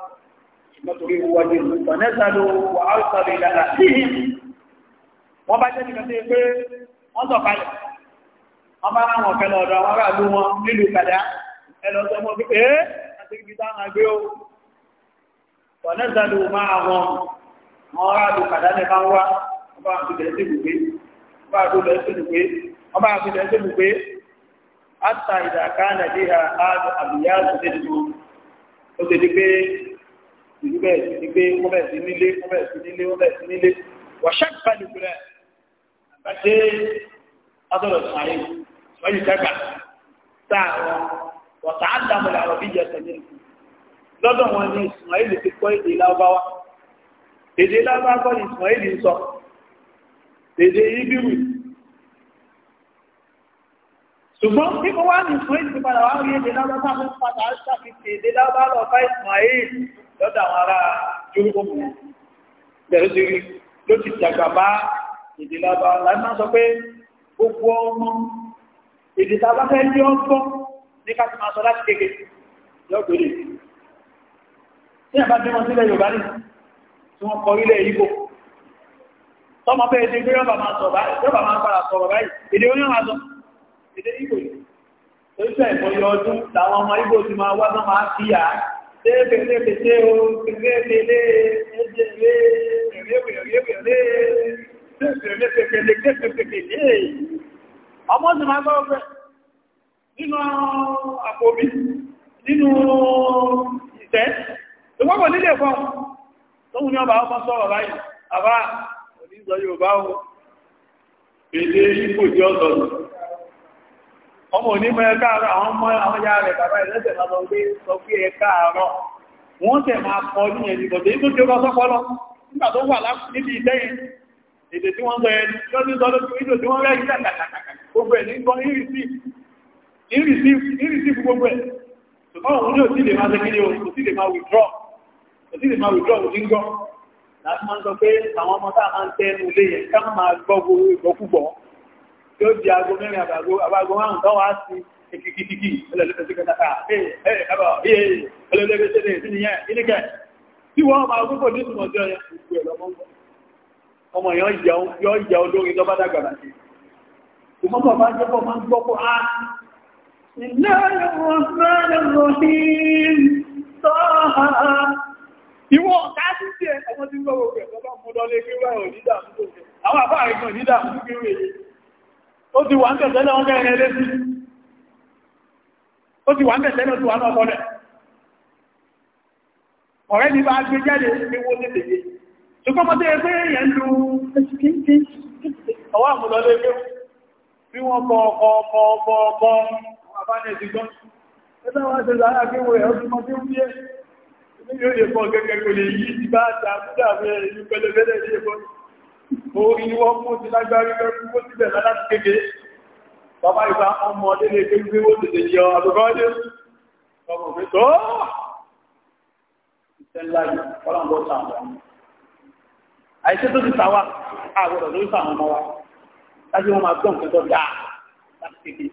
A: nítorí wọ́n yìí fọ̀nẹ́sàlò wà áùsàlò ìlànà sí i wọ́n bá jẹ́ nìkan tó yẹ pé wọ́n sọ kalẹ̀ wọ́n bá ráwọn ọ̀fẹ́ lọ́dọ̀ àwọn aráàlú wọn nílùú kàdá ẹlọ sọ mọ́ pé ee àti ibi táwọn agbé o fọ̀nẹ́sàlò máa wọn àwọn aráàlú kàdá ní máa ń wá wọ́n bá ìlú bẹ́ẹ̀ sí ní gbé ó bẹ́ẹ̀ sí nílé ó bẹ́ẹ̀ sí nílé ó bẹ́ẹ̀ sí nílé wàṣẹ́ ìbálẹ̀ ìgbìlẹ̀ àgbàdé adọ́rọ̀ sàárè wáyé dàgbà sáàrọ̀ wọ̀tá àdàmọ̀lẹ̀ àwọn bíi ẹ̀sẹ̀ nínú lọ́dọ̀ wọn ni Ismail ti kọ́ èdè lábáwá èdè lábáwá kọ́ ni Ismail ń sọ èdè ibiru ṣùgbọ́n kíkọ́ wá ní Ismail ti padà wá rí èdè lábáwá fún padà ṣàfihàn èdè lábáwá lọ́ọ̀ká Ismail lọ́dọ̀ àwọn ará yorùbá mu bẹ̀rẹ̀ sí rí ló ti dàgbà bá èdè lába láti máa sọ pé gbogbo ọmọ èdè tá a bá fẹ́ ní ọgbọ́n ní ká ti máa sọ láti kéke lọ́gbẹ̀ẹ́ lè tí a bá bí wọn sílẹ̀ yorùbá nìyí tí wọ́n kọ ilẹ̀ ìgbò tọ́mọ bẹ́ẹ̀ ti gbé rọ́bà máa sọ̀rọ̀ báyìí rọ́bà máa padà sọ̀rọ̀ báyìí èdè oní máa sọ èdè ìgbò yìí tó ń sẹ́ ìmọ̀ ọdún làwọn ọmọ ìgbò ti máa wá náà máa fi yà Ọmọ sì máa gbọ́ ọgbẹ́ nínú àpòbí, nínú ìtẹ́, ìwọ́pọ̀ nílé fún tóhun ní ọba ọmọ sọ́rọ̀ báyìí, àbá oníṣọ́ Yorùbá ohun,
B: èdè ipò jẹ́
A: ọmọ onímọ̀ ẹ káàárọ̀ àwọn ọmọ àwọn rẹ̀ bàbá ẹlẹ́sẹ̀ máa lọ gbé sọ pé ẹ káàárọ̀ wọ́n tẹ̀ máa kọ ní ẹni bọ̀dé tó jẹ́ lọ́sọ́pọ̀lọ́ nígbà tó wà níbi ìdẹ́yìn èdè tí wọ́n gbọ́ yóò di aago mẹ́rin àbàgó àbàgó márùn tán wá sí kìkìkìkì ẹlẹ́lẹ́fẹ́ ó ti wà ń tẹ̀tẹ̀lẹ̀ wọn kẹrin ẹlẹ́sì ó ti wà ń tẹ̀tẹ̀lẹ̀ tó wà náà kọ́lẹ̀ ọ̀rẹ́ ni bá gbé jáde ẹgbẹ́ wọn ṣe lára kí wọ́n ẹ̀họ́ tí mọ́ tí ó bí ẹ̀ ní yóò lè pọ̀ gẹ́gẹ́ kò lè yí ti bá àti àbúdà fẹ́ ìlú pẹlẹbẹlẹ ní ẹ̀kọ́ orí ni wọ́n mú ti lágbárí lọ́rún mú síbẹ̀ láti kékeré bàbá ìbá ọmọ ọdún lè gbé wó tètè yọ àbúkọ́ ọdún ọmọ òfin tó ìṣẹ́ ńlá yìí ọlọ́mọ sàwọn àìṣẹ́ tó ti sàwà àgbọ̀dọ̀ ló sàwọn ọmọ wa láti wọ́n máa gbọ́n kẹtọ́ dáa láti kékeré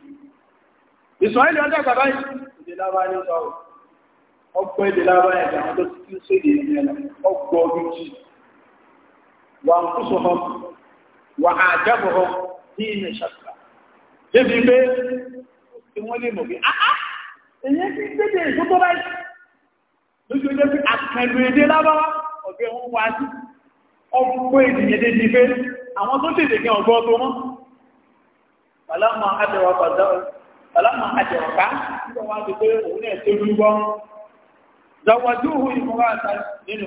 A: ìsọ̀rọ̀ ilẹ̀ ọjọ́ bàbá yìí ìdè lábá ní sọ̀rọ̀ ọgbọ́ ìdè lábá yẹn àwọn tó ti ń ṣèdè ìrìn ọgbọ́ ọdún jì وأنفسهم وأعجبهم دين شتى débi pé tí wọ́n lè mọ̀ pé áá ah, ah, èyí ti dédé èso tó báyìí lójú ọjọ́ pé àkànlò èdè lábáwá ọ̀gbẹ́ wọn wá sí ọgbọ́ ènìyàn dédé pé àwọn tó tètè kí ọgbọ́ tó mọ́ bàlámà àjẹwà bàdá bàlámà àjẹwà bá nígbà wá sí pé òun náà tó lúgbọ́n zawàjú òhun ìmọ̀wá àtàrí nínú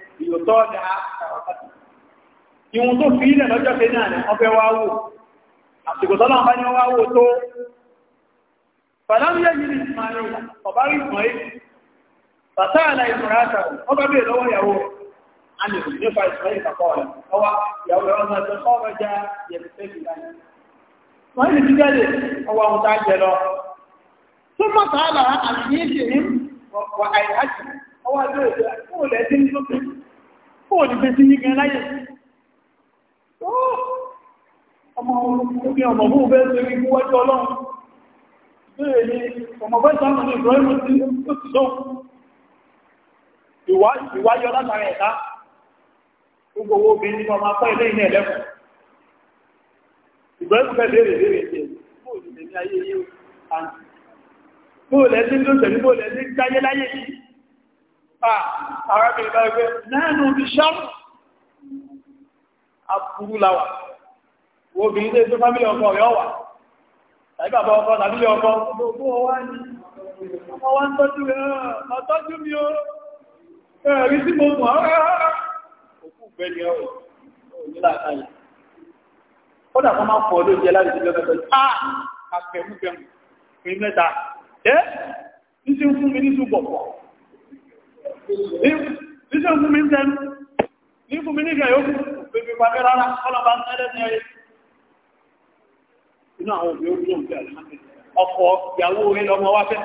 A: ìyòtọ́ ọ̀dá ìwọ̀n tó fi ilẹ̀ lọ́jọ́ pé náà ọbẹ̀ wá wò àsìkò bá ní wá tó fàdámíyà yìí ìsmáyé ọba rí bàtà àlà ìmúra àtàrà ọba bèèrè lọ́wọ́ ìyàwó a jẹ lọ tó mọ̀ sáà là á àmì ní Ó ní fẹ́ sí yígan láyé. Ọmọ ọmọ bẹ́ẹ̀ sí orí wájú ọlọ́run. Bẹ́ẹ̀ ni ọmọ bẹ́ẹ̀ sáàmù ní ìbọ̀rẹ́mù tí ó ti sọ. Ìwáyọ látàrí ẹ̀ta. Gbogbo owó obìnrin ní ọmọ apá ilé ilẹ̀ ẹ̀lẹ́kùn. Ìbọ̀rẹ́mù fẹ́ bèèrè bèèrè ìjẹ̀. Bóòlù lẹ́ni ayé yìí. Bóòlù ẹ̀sìn ló tẹ̀lú bóòlù ẹ̀sìn jáyé láyé yìí. Ah, arábìnrin bá ẹgbẹ́ nánú bí ṣọ́rọ̀ aburú láwà obìnrin tẹ́ fámílì ọkọ rẹ̀ ọwà tàbí bàbá ọkọ tàbí lè ọkọ gbogbo wá ń tọ́jú rẹ̀ ọ̀tọ́jú mi ó ẹ̀rí sí mo Níṣẹ́ fún mi ní fún nígbà yóò fèfè pàdé rárá, ọlọ́bà tẹ́lẹ̀ ní ẹ̀yẹ. Inú àwọn òbí ó dúró ń ọkọ̀ ìyàwó orí lọmọ wá fẹ́.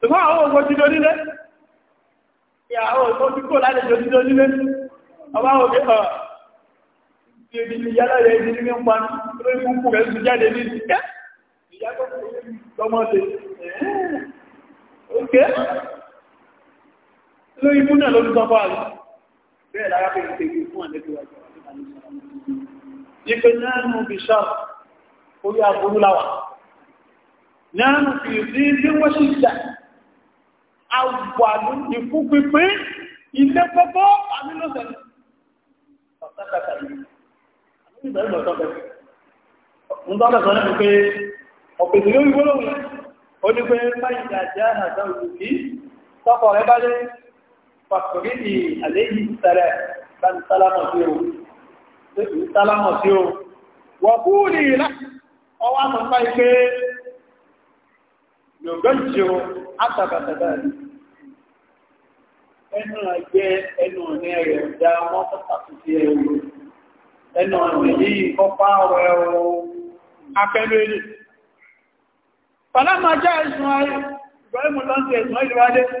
A: Ṣùgbọ́n lórí múnà lórí sọ́fọ́ àrùn bẹ́ẹ̀ lára pé ìtẹ̀gbì fún àdẹ́gbẹ̀wájú ìpè náànù bìṣà orí aburú láwà náànù fi rí bí wọ́n ṣe jà àwàdún ìfú pípé ilé pọ́pọ́ àmìlọ́sẹ̀lẹ̀ ọ̀pẹ̀sẹ̀ lórí gbọ́lọ́wọ́ fàkìrìdì àléyìí sẹ́rẹ̀ bẹ́ẹ̀ sálámọ̀ o ẹnu ẹgbẹ́ ẹnu ọ̀nà ẹ̀rẹ̀ ọ̀dá wọ́n pàtàkì sí ẹ̀rọ ẹnu ọ̀nà yìí kọ́pá ọ̀rọ̀ ẹ̀rọ akẹ́lẹ́lẹ́ Fàlámà jẹ́ ìṣùn ayé, ìgbẹ̀rẹ̀ lọ́nà ẹ̀sùn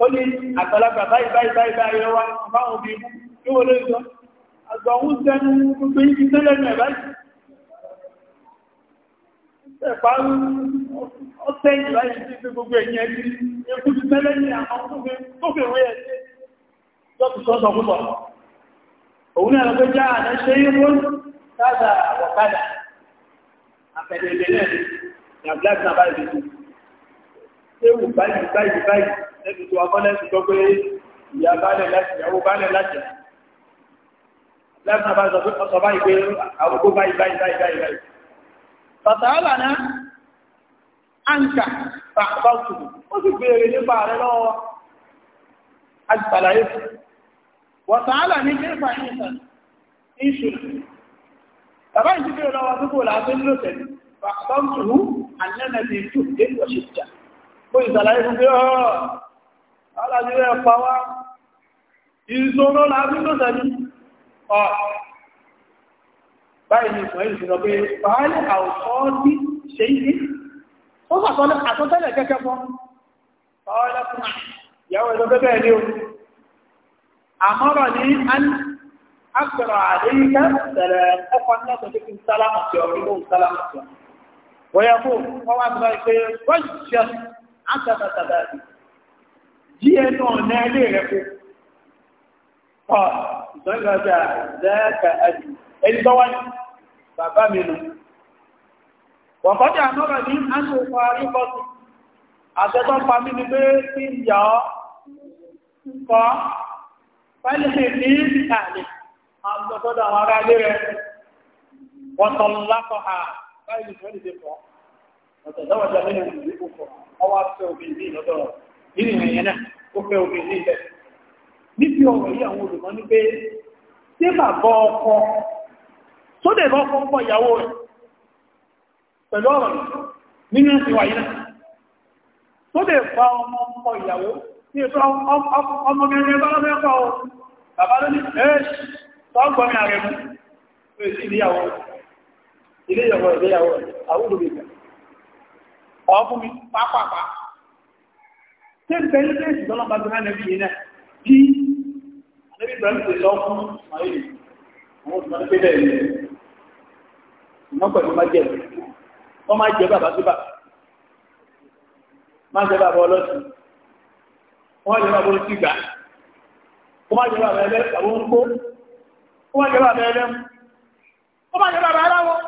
A: ó ní àgbàlagbà báyìí báyìí báyìí báyìí ọwá àbáwọn obì mú kí wọ́n lórí sọ àgbà òun sẹ́nu gbogbo ibi tẹ́lẹ̀ ní ẹ̀bá yìí ẹ̀pàrú ọ̀sẹ̀ ìbáyìí sí pé gbogbo ẹ̀yìn ẹ̀dí ẹkú ti tẹ́lẹ̀ ní àwọn tó fi wé ẹ̀sẹ̀ lọ́pù sọ́sọ̀ púpọ̀ òun náà lọ́pẹ́ já àná ṣe é wọ́n sáàdà àwọ̀kádà àfẹ̀dẹ̀lẹ̀ náà ní àbúlá séwù báyìí báyìí báyìí lẹ́bi tó akọ́lẹ́sì gbọ́ pé ìyá balẹ̀ láti ìyàwó balẹ̀ láti lẹ́bùn àbájọ pé ọ̀sọ̀ báyìí pé àwògbó báyìí báyìí báyìí báyìí báyìí. Fàtàlà náà, àǹkà bá tùlù, ó sì béèrè nípa rẹ̀ lọ́wọ́ àgbàláyé. Wàtàlà ní kí fà ní ìsàn, ìṣù. Bàbá ìdíbèrè lọ́wọ́ púpọ̀ làá tó ń lò tẹ̀lé, bàbá tùlù, àyẹ̀nà lè tù dé ìwọ̀ṣẹ̀ bó ìsàlàyé fún pé ọ́ alábílẹ̀ pa wá ìṣòro láti tó sẹ́ni ọ̀ báyìí ni ìsìnkú ìsìnkú pé báyìí àwọ̀sọ́ ní ṣe ìdí ó sàtọ́lẹ̀ àtọ́tẹ́lẹ̀ kẹ́kẹ́ fún ọ̀ọ́lẹ́ fún ìyàwó ẹ̀lọ́ bẹ́bẹ̀ ní o àmọ́rọ̀ ní àkọ̀rọ̀ àdéyíká tẹ̀lẹ̀ ẹ̀kọ́ ní ọ̀sán tó fi ń sálámọ̀ sí ọ̀rọ̀ àtàtàtàdà jí kó ẹni ní bàbá mi nù ní àríkọ́sí àtẹ́tọ́ pa mí pé kí n yà ọ́ kọ́ ní ìtàlẹ̀ àwọn ọ̀dọ́dọ̀ àwọn ará ilé rẹ̀ wọ́n ọ̀tọ̀dáwọ̀dá nínú ìlú púpọ̀ ọwá fẹ́ obìnrin ní lọ́dọ̀ nínú ìrìn náà ó fẹ́ obìnrin ní ilẹ̀ ní pé tí bàbá rẹ̀ ọmọ pọ̀ ìyàwó tí ètò bá lọ́fẹ́ pọ̀ bàbá ọ̀ mi pápápá tí ń tẹ́lú pé ìsìn tọ́lọ́pá tó náà nẹ́bí yìí náà kí nẹ́bí ìbẹ̀rẹ̀ lọ fún ìsìn àwọn òṣìṣẹ́ pé bẹ́ẹ̀ ni pẹ̀lú má jẹ́ wọ́n má jẹ́ bàbá tó má jẹ́ bàbá ọlọ́sìn wọ́n jẹ́ bàbá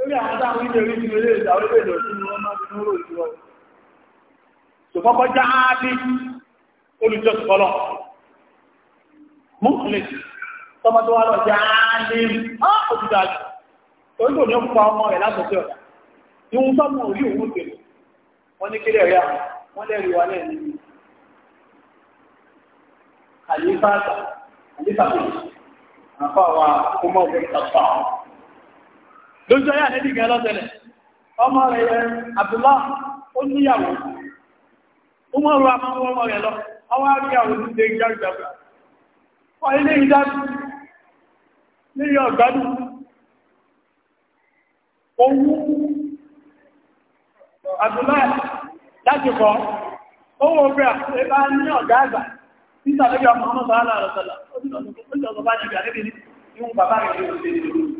A: lórí àwọn táwọn ilé orí ìlú ilé ìdáwó ilé ìlú sí ni wọ́n máa fi ń rò ìlú ọ̀rọ̀ ṣùgbọ́kọ́ já bí olùjọsìn fọlọ́ mọ́kànlẹ̀ tọ́mọ tó wá lọ já bí ọ́ òjìdá jù torí kò ní ó pa ọmọ rẹ̀ látọ̀ ọ̀dà ìhun tọ́mọ orí òun tèlè wọ́n ní kílẹ̀ rí àwọn wọ́n lẹ́rìí wa lẹ́yìn nínú àyíká àgbà àyíká àgbà àfa wa kó mọ̀ lójú ayé àlẹ́bí gan lọ́tẹ̀lẹ̀ ọmọ rẹ̀ yẹ àbúlá ó níyàwó ó mọ́ ọmọ rẹ̀ lọ ọwọ́ àríyàwó ti dé ìjájàbà ọ ilé ìdájú nílé ọ̀gbádùn owó àbúlá láti kọ́ owó ọgbẹ́ ní ọ̀gá àgbà títà ọmọ ọmọ sọ́lá àrọ̀sọ́lá ó sì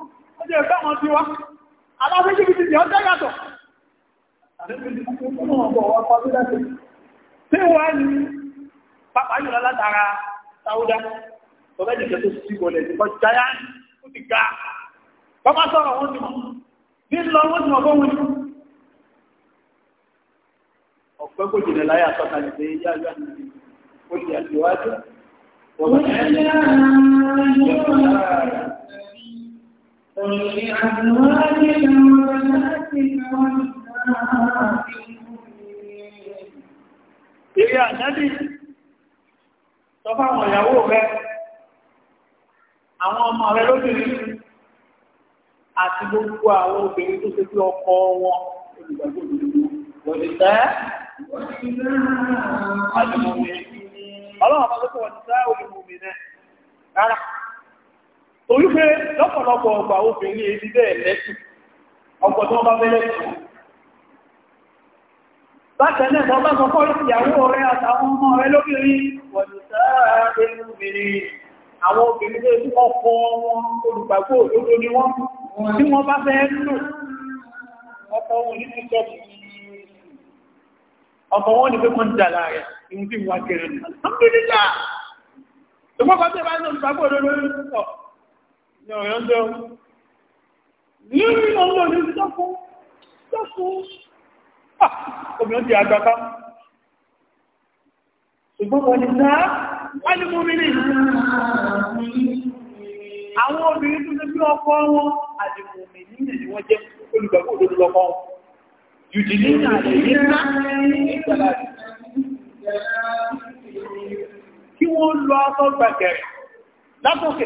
A: ó ẹ̀fẹ́ àwọn tí wá aláfẹ́jì bí ti ọjọ́ yàtọ̀ tí wá ní pápá yìí látara sáúdá tọ́lẹ́jì tẹ́ tó sí wọlé ìfọ́ jáyá ó ti ga pápá sọ̀rọ̀ wọ́n ti mọ̀ ní lọ wọ́n ti mọ̀ fún wọn ọ̀pẹ́ kò jìnà láyé àtọ́ta lè fẹ́ yá yá ní ó ti àtiwájú Wọ́n ti قل لأزواجك وبناتك والنساء Ilé àjẹ́lì sọ fáwọn ìyàwó rẹ̀, àwọn ọmọ rẹ̀ lóbìnrin àti gbogbo àwọn obìnrin tó ṣe bí ọkọ wọn olùgbàgbọ́ òdòdó. Wọ̀dì tẹ́? Wọ̀dì tẹ́? Ọlọ́run ọmọ tó kọ̀ wọ̀dì tẹ́ olùmùmí náà torí pé lọ́pọ̀lọpọ̀ ọgbà obìnrin èdè bẹ́ẹ̀ lẹ́sùn ọgbọ̀ tí wọ́n bá bẹ́ẹ̀ lẹ́sùn bákan náà wọ́n bá kọ́kọ́ ìyàwó rẹ̀ àtàwọn ọmọ rẹ̀ lóbìnrin àwọn obìnrin lè tún ọkọ̀ wọn olùgbàgbọ́ òdodo ni wọ́n tí wọ́n bá fẹ́ lò ọkọ̀ wọn ní ti sọ́ọ̀tù ọkọ̀ wọn ni pé wọ́n ń dà láàrẹ̀ ìhun tí wọ́n kéré ní alhamdulillah ṣùgbọ́n bá tẹ́ bá ní olùgbàgbọ́ òdodo ní ní ọ̀yọ́ ń dẹ́wọ́ lórí ọlọ́ ní ti dákọ́ dákọ́ obìnrin ti àgbàká ṣùgbọ́n wọ́n ni náà wọ́n ni mú mi ní àwọn obìnrin tó lè bí ọkọ wọn àdìmòmì nílẹ̀ ni wọ́n jẹ́ olùgbàgbọ́ òdòdó lọ́kọ́ wọn
B: yùdìní àdìmí náà ìgbàlá
A: kí wọ́n lọ aṣọ gbàgẹ̀rẹ̀ látòkè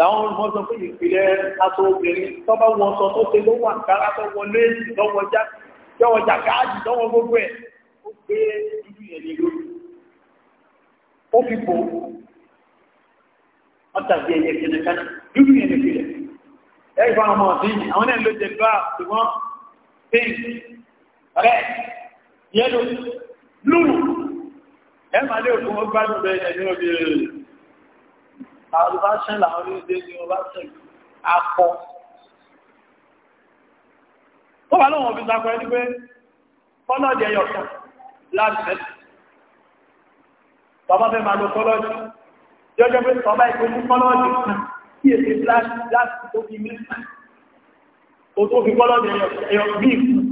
A: làwọn olùmọ̀ sọ ìpìlẹ̀ aṣọ obìnrin tọ́bá wọn sọ tó ṣe ló wà kára tó wọlé lọ́wọ́ káàdì lọ́wọ́ gbogbo ẹ̀ ó gbé dúdú yẹn ní lórí ó fi bò wọ́n tàbí ẹyẹ kẹ̀kẹ́ kan dúdú yẹn ní ìpìlẹ̀ ẹ̀ ìfọ̀ ọmọ ọ̀sìn yìí àwọn náà ló jẹ gbá ṣùgbọ́n pink rẹ̀ yẹ́lò lùrù ẹ̀ máa lé òkú wọn àwọn yorùbá ṣẹ́ làwọn orílẹ̀-èdè ní yorùbá ṣẹ́ akọ. ó wà lóhùn òbí sakọ ẹni pé kọ́lọ́ọ̀dì ẹyọ kan láti ẹ̀ tọ́ba fẹ́ máa lo kọ́lọ́ọ̀dì jọjọ́ pé tọ́ba ìpè mú kọ́lọ́ọ̀dì kan kí èsì láti tó fi mí o tó fi kọ́lọ́ọ̀dì ẹyọ bíi fún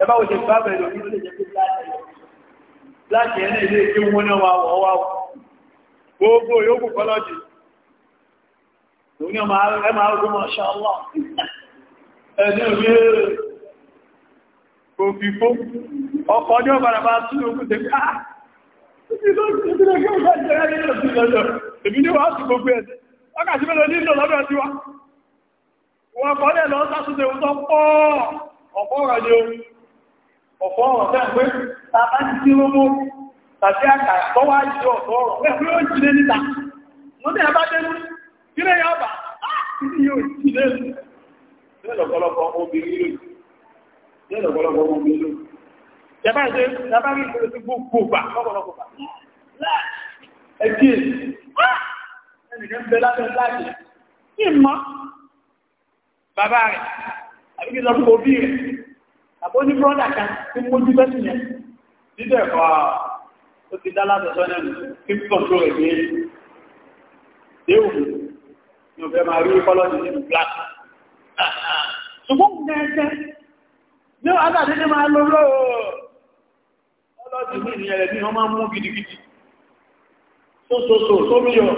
A: ẹ bá wo ṣe bá bẹ̀rẹ̀ lórí ló lè jẹ́ pé láti gbogbo yóò kọ́lọ́jì ní ọmọ masha Allah ní ọ̀bàrà bá tún mẹ́lẹ̀ ah! nílò lọ́dọ̀ tí wá wọ́n kọ́lẹ̀ lọ sátúnṣe ọ̀tọ́ pọ́ ọ̀pọ̀ ọ̀rọ̀ ni ohun ọ̀pọ̀ ọ̀rọ̀ tẹ́ pé tàbá ti tí ó mú tàbí bàbá rẹ̀ àbí kí òbí rẹ̀ àbójú brọ́dà kan tí mo jú bẹ́sì yẹn dídẹ̀ fọ́ ó ti dá látọ̀sọ́ nẹ́nu kí n kọ̀ntró ẹ̀ ní déwù ní ọ̀fẹ́ máa rí kọ́lọ́dì nínú black. ṣùgbọ́n gẹ́gẹ́ ní àgbàdé ní máa lọ lọ́wọ́ kọ́lọ́dì ní ìyẹn rẹ̀ ní wọ́n máa mú gidigidi sósoso sómiyọ̀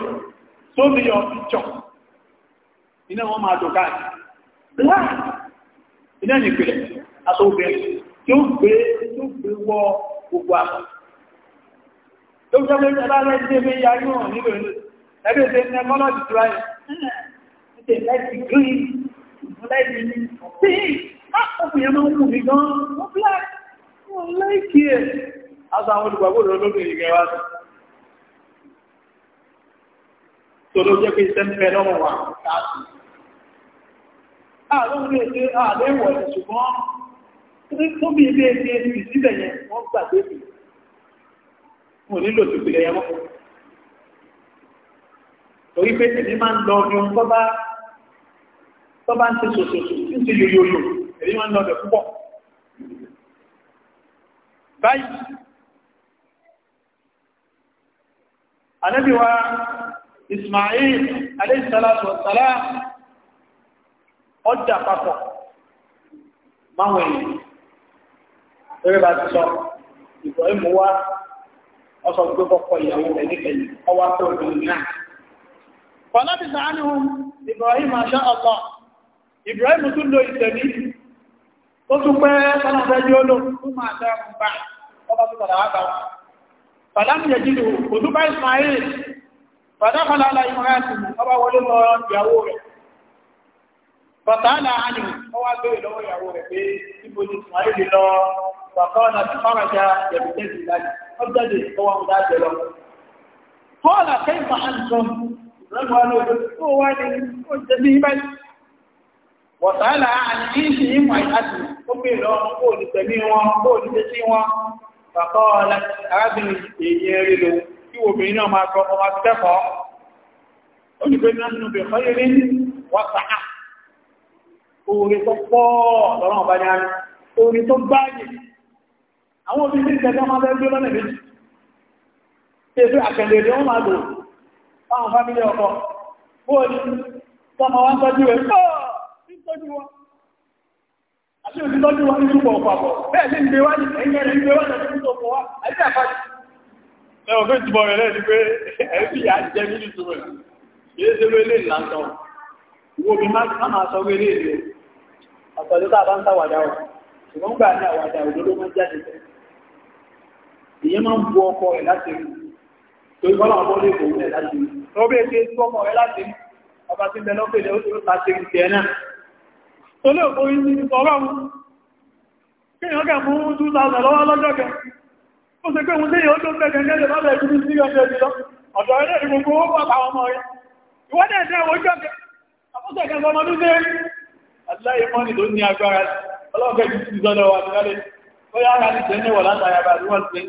A: sómiyọ̀ píkọ̀ iná wọn máa dùn káàkiri black iná nìpìlẹ̀ àtòbẹ̀rẹ̀ tí ó gbé wọ gbogbo àpapọ̀ jẹ́ pé ẹbá rẹ̀ ṣe fi ya nílò ìlú ẹbí ṣe ní ẹmọ́lọ́dì tó ráyẹ̀ ṣe láti gírí láti ní sí ọkùnrin ẹmọ́ ń kùn mí gan ó blá wọn láìkí ẹ̀ aṣọ àwọn olùgbàgbọ́dọ̀ olóbìnrin gẹ̀ wá tó ló jẹ́ pé iṣẹ́ ń fẹ́ lọ́wọ́ wa wọn nílò tó pèlè ẹyẹ mọ́ torí pé èmi máa ń lọ ọdún tó bá tó bá ń ti sòsòsò tí ń ti yòyòyò èmi máa ń lọ ọdẹ púpọ̀ báyìí ànábì Ismail alayhi salatu wa salam ọjà papọ̀ máwọn èèyàn lórí bá ti sọ ìbọ̀ ìmúwá ọsọ gbé kọkọ ìyàwó rẹ̀ níkẹyìn ọwọ́ tó obìnrin náà. fọlábì sàánù ibrahim aṣọ ọlọ ibrahim tún lo ìtẹ̀lí ó tún pẹ́ sọ́nàfẹ́ ní ó lò fún máa tẹ́ ọkùn bá ọba tó padà wá bá wọn. yẹ jíjù kò tún bá ismail fọdá fọlá ala ibrahim ọba wọlé lọ ìyàwó rẹ̀ fọ̀tàlá àánì ọwá bèèrè lọ́wọ́ ìyàwó rẹ̀ pé ibo ni ismail lọ bàkọ́ ọ̀nà tí fọ́nrán já yẹ̀bùtẹ́sì ọjọ́dé ọwọ́ mú dájẹ lọ. Kọ́ọ̀lá kẹ́yìn máa ń sọ lọ́gbọ̀n lọ́gbọ̀n tó wá ní oúnjẹ bí i báyìí. Wọ̀tàálà àti ìṣì ìmọ̀ ìhàtì ó pè lọ kó ní tẹ̀mí wọn kó ní tẹ̀sí wọn. Bàbá ọ̀la arábìnrin èyí rí ní pé sàá. Oore tó pọ̀ lọ́rọ̀ ọ̀bá ni a ní. Oore tó gbáyìí àwọn òbí ní ìjẹta máa lẹ́gbé lọ́nà méjì tí èso àkẹ̀lẹ̀ ni wọ́n máa lò fáwọn fámílì ọkọ̀ bóò ní tọmọ wá ń tọ́jú rẹ̀ àti òtítọ́jú wọn ní túbọ̀ ọ̀pàpọ̀ bẹ́ẹ̀ sí ìgbé wájú ẹ̀yẹ́ rẹ̀ ìgbé wájú àti ìtòkọ̀ wá àti àpájú ẹ̀wọ̀n fẹ́ ìtùbọ̀ rẹ̀ lẹ́ni pé ẹ̀fì yà jẹ́ nínú túbọ̀ rẹ̀ yìí ṣe ń ìyẹn máa ń bu ọkọ rẹ̀ láti rí torí wọ́n làwọn bọ́ọ̀lù ìbò rẹ̀ láti rí wọ́n bẹ́ẹ̀ ṣe ọba tí bẹ lọ́pẹ̀ lẹ́ ó ti rúta ṣe náà tó lè kó yín ní ọlọ́run kéèyàn kẹ́ mú tú sáàsọ̀ lọ́wọ́ lọ́jọ́ kẹ ó ṣe pé òun sí ọjọ́ lọ ọ̀dọ̀ ẹ̀rẹ́ ìgbogbo ọmọ dẹ̀ jẹ́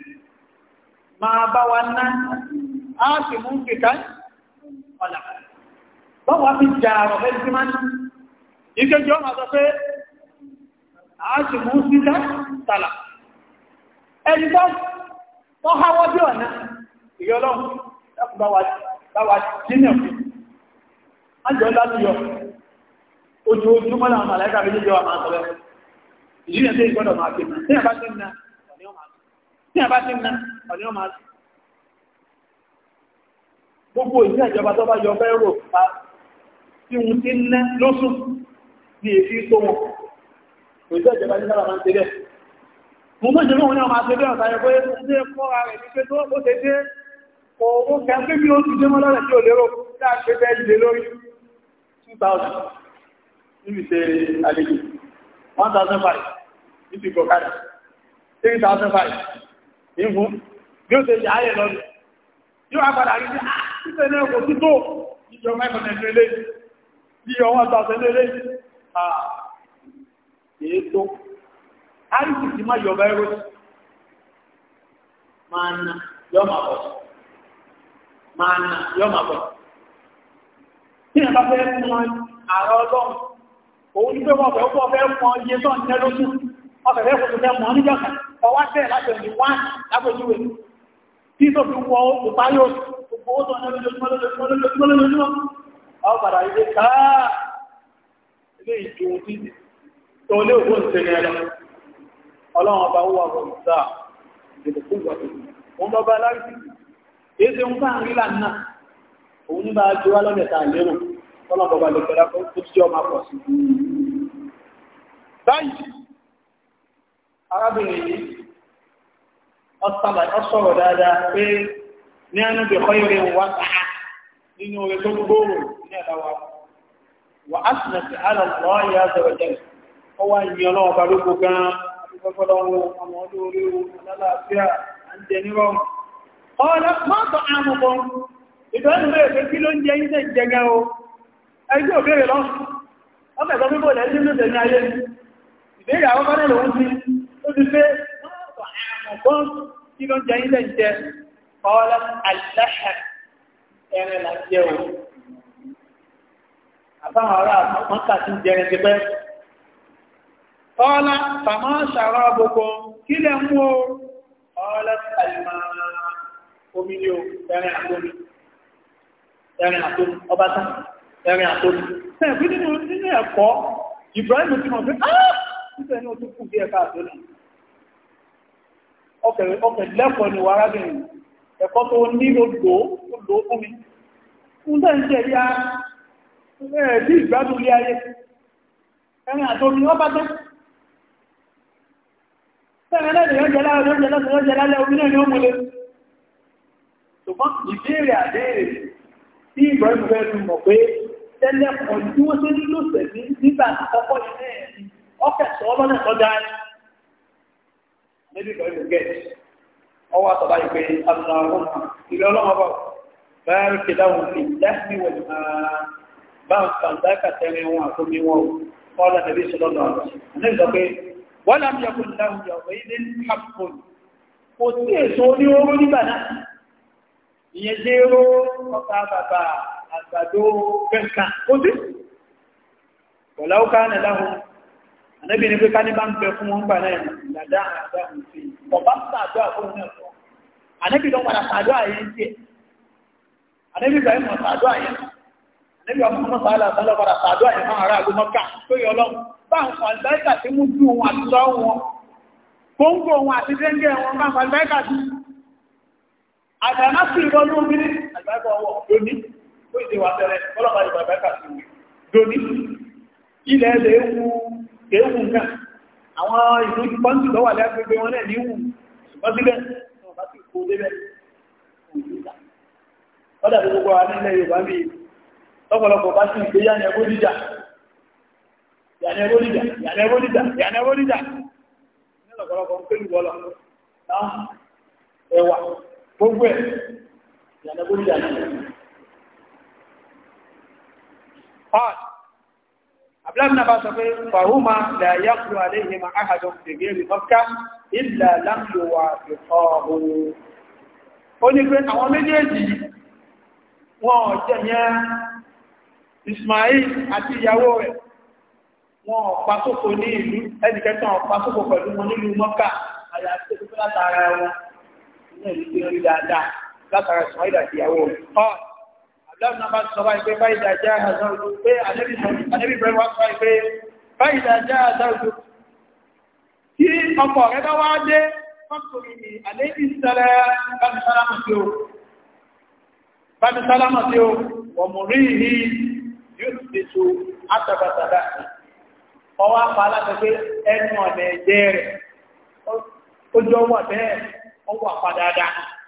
A: Ma bá wa ná á sì mú kíkà ọ̀là báwa fi jà àrọ̀ fẹ́ sí máa ń ìkejì ọmọ sọ pé á sì mú síta tàlà ẹni tó wọ́n háwọ́ bí ọ̀nà ìyọlọ́ báwa jìnnà fún ájọ lálùyọ ojoojúmọ́ làwọn màláìka fi jíjọ àmà sọ̀rọ̀ ìdílé tí ìgbọ́dọ̀ máa fi bá ti ń na ọ̀ní ọmọ àti gbogbo ìsìn ìjọba tó bá yọ fẹ́rò pa tí wọ́n ti ń ná lóṣù ní èsì tó wọn kò ìsìn ìjọba ní sára máa ń ṣe bẹ́ẹ̀ mo mọ́ ìjọba wọn ní ọmọ àti bẹ́ẹ̀ ọ̀tayọ pé ó dé kọ́ ara rẹ̀ ní pé tó ó ṣe dé owó kẹfẹ́ bí ó ti dé mọ́lọ́rẹ̀ tí ò lérò dáa pé lórí 2000 níbi ṣe àlejò 1500 níbi gọ̀kadà 3005 ní fún bí ó ṣe yà áyẹ̀ lọ́nà yóò agbádà rí ah, títẹ̀ náà kò tútó ìjọ mẹ́kànlẹ̀ lélẹ́ ìjọ wọn tàbí lélẹ́ èétó àìsì ti má yọba ẹrọ máa na yọ máa bọ̀ máa na yọ máa bọ̀ tí ẹ bá fẹ́ fún wọn ààrẹ ọlọ́run òun ní pé wọ́n fẹ́ fún ọfẹ́ fún ọyẹ tó ń tẹ́ lóṣù ọfẹ́ fẹ́ fún ọfẹ́ mọ́ níjọ́ka ọwá tẹ̀ látọ̀ ní wá lápẹjúwe tí tó fi wọ òpá yóò gbogbo ó tọ́jú lójúmọ́ lójúmọ́ ọ padà ilé káà ilé ìjò tí tó lé òkú ń tẹ̀lé ẹ̀lọ ọlọ́run ọba ó wà wọ ìgbà ìdìbò ìgbà òun lọ́ba aláìsí èsì ń bá ń rí lànà òun ní bá a jọ alọ́mẹ̀ta lérò ọlọ́run ọba lè pẹ̀lá kó tó tí ọmọ pọ̀ sí báyìí ọ̀sọ̀rọ̀ dáadáa pé ní ẹnu bí kọ́ ìrìn wá sáà nínú orí tó gbòòrò ní ẹ̀dáwà wà á sì nàfi àlọ́lọ́ ìyá àzọ̀rọ̀ jẹ́ ọ wá ìyìn ọlọ́run bá lóko gan-an ìfẹ́fọ́lọ́wọ́ àwọn ọdún orí o alálàáfíà à ń jẹ ẹgbẹ́ òbẹ̀rẹ̀ lọ ọmọ ẹ̀sọ́ pípọ̀ lẹ́yìn lóṣẹ̀ ní ayé ìbéèrè àwọn kọ́nẹ̀ lòun ti ó ti fẹ́ àmùkún kí ló ń jẹ ilẹ̀ jẹ ọlá àlẹ́ṣẹ̀ ẹ̀rẹ̀ là ń jẹ o àbáwọn ará mọ́ta ti ń jẹrin ti pẹ́ ọlá tàmọ́ ṣàrọ̀ gbogbo kí lẹ mú o ọlá tàìmà omi ni o ẹ̀rìn àtómi ẹ̀rìn àtómi ọba tán ẹ̀rìn àtómi ọkẹ̀ lẹ́kọ̀ọ́ ni wà arábìnrin ẹ̀kọ́ tó ní odò odò fún mi fún tẹ́ ń tẹ́ ya ẹ̀ẹ́dí ìgbádùn ilé ayé ẹ̀rin àjò ni wọ́n bá tẹ́ tẹ́rin lẹ́dẹ̀ yọ́ jẹ́ láàrín yọ́ jẹ́ lọ́sẹ̀ yọ́ jẹ́ lálẹ́ omi náà ni ó múlé ṣùgbọ́n ìbéèrè àdéèrè tí ìbọn fẹ́ lu mọ̀ pé tẹ́lẹ̀ kọ̀ tí wọ́n ṣe nílò tẹ̀sí nígbà àkọ́kọ́ ilé ẹ̀ ọkẹ̀ sọ́ọ́lọ́nà tọ́jà ẹ̀ níbi ìgbà ìlú gẹ̀ẹ́sì ọwọ́ àtọ̀bá yìí pé àtúnṣe àwọn ìlú ọlọ́mọ bọ̀ báyìí kí dáhùn sí dáhùn ìwẹ̀ bá ń fàǹdákà tẹ́rin wọn àkómi wọn kọ́lá tẹ̀lé ìṣọ́lọ́lọ́ àti pé wọ́n láti yọkùn láhùn yọ̀wọ̀ ilé ànábì ní pé ká ní bá ń bẹ fún wọn gbà náà ìdàdá àdá òfin ọba sàdúrà fún un náà sọ ànábì lọ padà sàdúrà yẹn tiẹ̀ ànábì gbà yẹn mọ sàdúrà yẹn ànábì ọmọ ọmọ sàdúrà sàdúrà padà sàdúrà yẹn máa rà àgọ mọkà tó yọ lọ bá ń fọ àlùbáríkà tí mú dùn wọn àti sọ wọn gbóngbò wọn àti dẹ́ńgẹ́ wọn bá ń fọ àlùbáríkà àgbàgbà ọwọ́ lóní ó ìdíwà tẹ́lẹ̀ kọ́lọ́pàá ìgbàgbà kà sí ẹ̀lẹ́ ewu kéèkù nǹkan àwọn ìlú pọ́ńtù lọ́wà lágbègbè wọn náà níwù ṣùgbọ́n síbẹ̀ wọn bá ti kó débẹ̀ ọ̀dà tó gbogbo wa nílẹ̀ Yorùbá bí lọ́pọ̀lọpọ̀ bá sì ń gbé yàní ẹgbó dìjà yàní ẹgbó dìjà yàní ẹgbó dìjà yàní ẹgbó dìjà ní lọ́pọ̀lọpọ̀ ń pẹ̀lú bọ́lọ̀ ẹwà gbogbo ẹ̀ yàní ẹgbó dìjà náà abúláàmìnà bá sọ pé fàhúmà làyàkùn àléhìmà áhàjọ ìgbèrè mọ́ká ìlà lámìlòwà ìfọ̀ọ̀hún ó ní pé àwọn méjèèjì wọn jẹ́yẹ Ismail àti ìyàwó rẹ̀ wọn pàtókò ní ìlú ẹnìkẹta pàtókò pẹ̀lú wọn nílùú mọ́ká lọ́nà bá sọ bá ìpé báyìí dájá àzáwòjú pé ànẹ́bí bẹ̀rẹ̀ wá sọ ìpé báyìí dájá àzáwòjú tí ọkọ̀ rẹ̀ bá wá dé fọ́kùnrin ni ànẹ́bí sẹ́rẹ̀ báni sálámà tí ó wọ̀ mú rí ìhí yóò ti tu átàbàtàbà ọwọ́ apá alágbègbè ẹnu ọ̀nà ẹ̀jẹ̀ rẹ̀ ó jọ wà bẹ́ẹ̀ ó wà padà dáadáa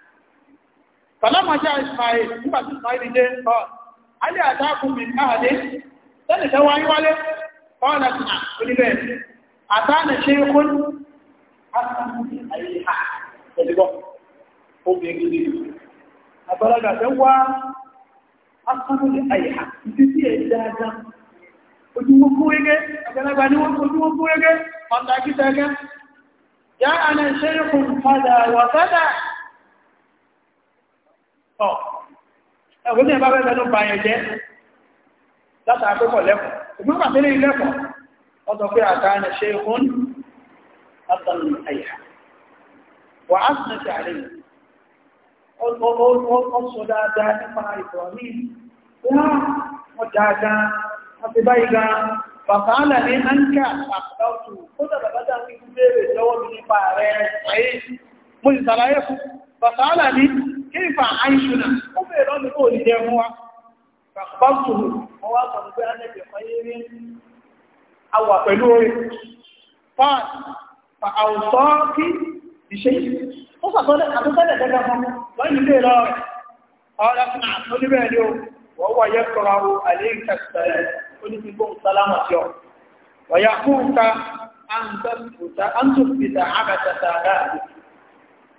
A: Fàlámàjá Ismail, nígbà tí Ismail dé, ọ̀, Alé àtàkùn mi káàdé, sẹ́nì tẹ́ wáyé wálé, ọ̀nà tí a oníbẹ̀, àtàánà ṣe kún, àtàkùn ayé ha, obìnrin gidi. Àgbàlagbà tẹ́ wá, àtàkùn ayé ha, ìdí ọ̀ ẹ̀wọ́n tí ẹ bá fẹ́ fẹ́nu ba yẹn jẹ́ látara pé kọ̀ lẹ́kọ̀ọ́ ṣùgbọ́n bàtí ní ilẹ́kọ̀ọ́ wọ́n sọ pé àtàánà ṣe hún látàrí àyà wà á sì ti àlè ó sọ dáadáa nípa ìbọ̀mí wọ́n dáadáa wọ́n ti báyìí gan bàbáàlà ní kéfà àìṣùnà ó bèèrè lọ́nà kó lè jẹ mú wa pàpàtùrù wọ́n wá sọ pé anẹ́bì ọyẹ́rẹ́ awà pẹ̀lú orí pa àwùsọ́ kí ìṣẹ́ ó sàtọ́lẹ̀ àtúntẹ́lẹ̀ gẹ́gẹ́ fún lọ́yìn ilé lọ ọ̀rẹ́ fún àtúnibẹ̀ ni ó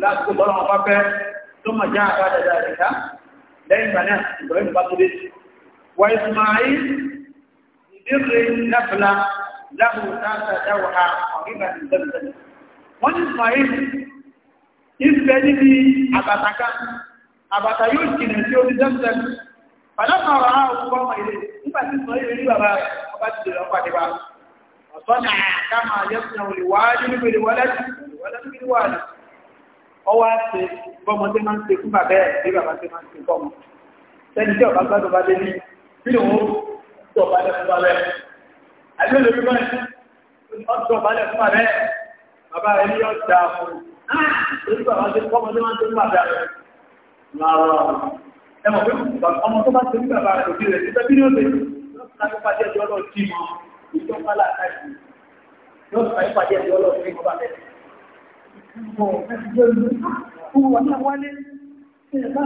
A: láti bọ́lá wọn bá fẹ́ tó mọ̀ já àbá dada ìdá lẹ́yìn ìgbà náà ìbọ̀lẹ́ bá tó dé wà Ismail ìdíre lẹ́fìlá láhùn táta dáwọ̀ ha ọ̀gbìnbà ní dẹ́mìdẹ́mì wọ́n ní Ismail ìfẹ́ níbi àbàtà kan àbàtà yóò jìnà tí ó ní dẹ́mìdẹ́mì pàdánù ọ̀rọ̀ àwọn ọkọ̀ ọmọ ilé nígbà tí Ismail ọwọ́ àti bọ́mọ tí máa ń ṣe fún bàbá ẹ̀ bí bàbá tí máa ń ṣe bọ́mọ sẹ́ni tí ọ̀bá gbádùn bá dé ní bí lòun tó ọ̀bá lẹ̀ fún bàbá ẹ̀ àbí olórí bá ẹ̀ ọ̀tọ̀ ọ̀bá lẹ̀ fún bàbá ẹ̀ bàbá rẹ̀ ní ọ̀dà fún lórí ah! bàbá tí bọ́mọ tí máa ń ṣe fún bàbá rẹ̀ máa rọ̀ ẹ mọ̀ pé ọmọ tó Ọlọ́run ẹgbẹ̀rẹ̀ ìgbà, ní bàbá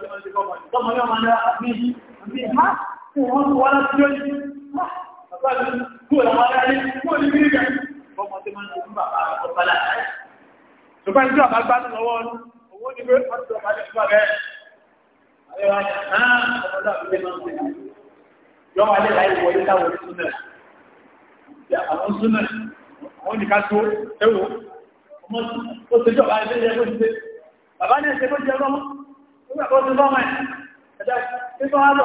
A: jẹ́ mọ́ sí ọmọ ìjọmọ́ yọ́ máa ní àmì àmì ha, tí wọ́n tó wá láti jọ́ ìjú, ha, bàbá jẹ́ kú ọ̀lá máa rẹ̀ ní kú ọ̀lá ní ìgbà, ọmọ tí máa ń tó bàbá ọ̀pàá láàárín. Ṣùgbọ́n ìjọ àbágbá ní lọ́wọ́ ọdún, owó ní bẹ́ẹ̀ lọ́wọ́ alẹ́ láì wọ ilé táwọn súnà àwọn súnà àwọn ìdíká tó ẹwọ ọmọ tó ṣe jọba ẹgbẹ́ ìjẹ́ tó ṣe bàbá ní ẹsẹ̀ tó jẹ́ lọ́mọ nígbà tó ṣe lọ́mọ ẹ̀ ẹ̀dá tí àwọn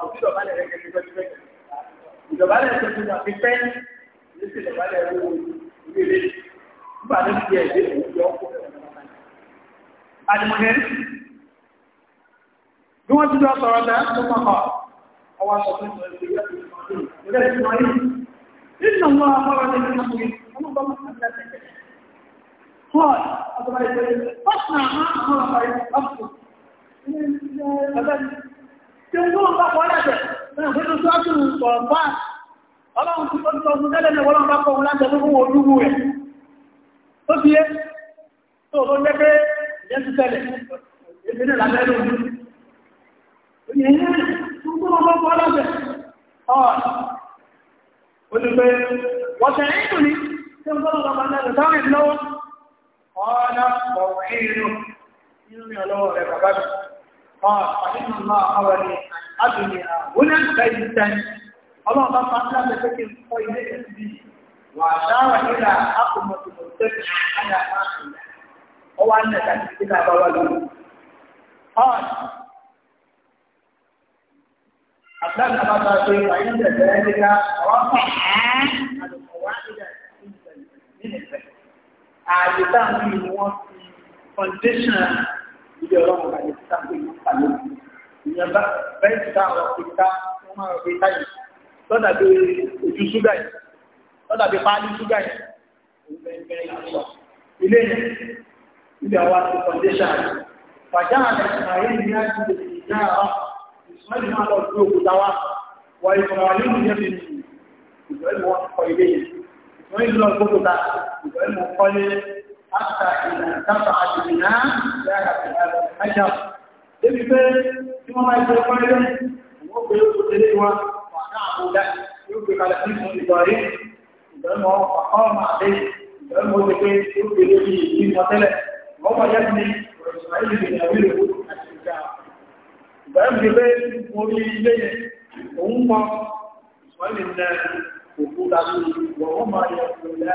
A: tó fẹ́ wọlé ìjọbalẹ̀ máa níṣẹ́ ìbálẹ̀ owó ìwé rẹ̀ nígbà tó ti ẹ̀ dé òjò ọkọ̀ àdìmọ̀lẹ́ bí wọ́n ti lọ sọ̀rọ̀ náà tó mọ̀ ọ́ ọwọ́ sọ fún ìṣẹ̀lẹ̀ قال أبو فاصنع ما أمر عليك أفضل أبدا تنظر بقى ولا ده أنا كنت سأكل الطرفات ọlọ́run ti tó tọ́ ọdún tẹ́lẹ̀ ní ọlọ́run bá kọ́ ohun láti ẹlú owó olúwo rẹ̀ tó fi yé tó ló jẹ́ pé ìyẹn ti tẹ́lẹ̀ èdè ní ìlànà ẹlú ojú ìyẹn tó kúrò ọmọ ọmọ ọlọ́sẹ̀ ọ̀ ó ti pé wọ́n tẹ̀ ẹ́ ìtòlí tí ó tọ́lọ́ ọmọ ọlọ́sẹ̀ táwọn ìlọ́wọ́ ọ̀ọ́dá ọ̀wọ̀ ìrìnà ìrìnà lọ́wọ́ rẹ̀ bàbá mi ọ̀ ọlọ́run bá máa ń dábẹ́ pé kí n kọ́ ilé yẹn bí wà á dára nílà ákòmọ̀tò mọ̀tẹ́ àyà máa ń lẹ̀ ọwọ́ á nẹ̀ láti fi náà bá wà lórí. ọ̀n àgbàdo àbá bá ṣe wà ní ìbẹ̀rẹ̀ ẹni ká ọ̀rọ̀ pọ̀ àlùkò wá nílẹ̀ nílẹ̀ ààyè táwọn yìí wọ́n fi foundation ilé ọlọ́run àyè yìí ń pàlẹ́ ìyẹn bá bẹ́ẹ̀ lọ́dà bí ojú ṣúgà yìí lọ́dà bí páálí ṣúgà yìí ilé yìí ilé wa ti foundation fàjá àti ìsmaili ní láti lè fi ìjà ara ìsmaili máa lọ sí òkúta wa wà tàbí àdìmínà yára ìlànà ajá pé tí wọ́n máa ń gbé ọkọ wọ́n gbé òkúta ilé wa هؤلاء يوقف على اسم إداري إذن هو فقام عليه إذن هو ذكي يوقف به من مثلا هو يبني وإسماعيل بن أبيه الشجاع إذن جبال مولي إليه وهم إسماعيل بن وقود عليه وهما يقولان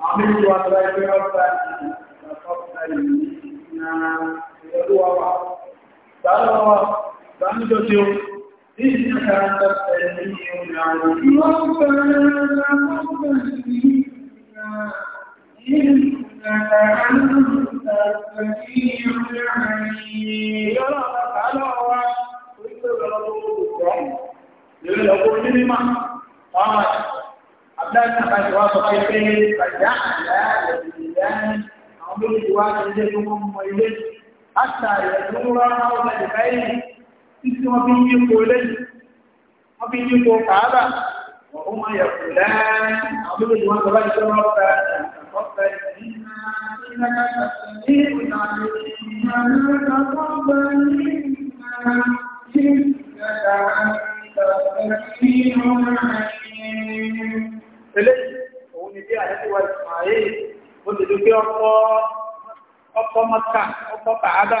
A: عملت أدراك ربنا فقبل منا يدعو تعالوا تعالوا إنك أنت السميع العليم ربنا وارحمنا إنك أنت السميع العليم يا رب تعالى وأنت
B: لنقول كلمة
A: قال أبدا نحن واصل إليه فجعل الإنسان عمره واجب منهم ويجب حتى يدور حول البيت títí wọ́n fi ń yípo lẹ́yìn wọ́n fi ń yípo kàábà wọ́n máa yẹ kù lẹ́yìn àwọn méjèèjì wọn sọ láti sọ́wọ́ ọ̀fẹ́ ọ̀fẹ́ Eléyìí, òun ni bí àyẹ́síwá ìsmáyé, ó ti dúkẹ́ ọkọ̀ ọkọ̀ mọ́ta, ọkọ̀ kàábà,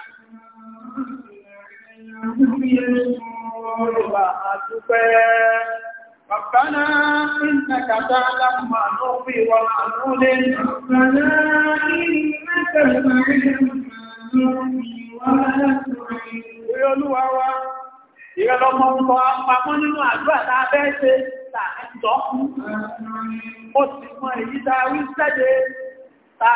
A: ربنا إنك تعلم ما نخفي وما نعلن ربنا إنك تعلم ما نخفي وما نعلن Ìrẹ́ lọ́mọ ọmọ àpapọ̀ nínú àdúrà tàà bẹ́ẹ̀ ṣe tàà ẹ̀tọ́. Ó ti mọ èyí tàà wí sẹ́dẹ̀ tàà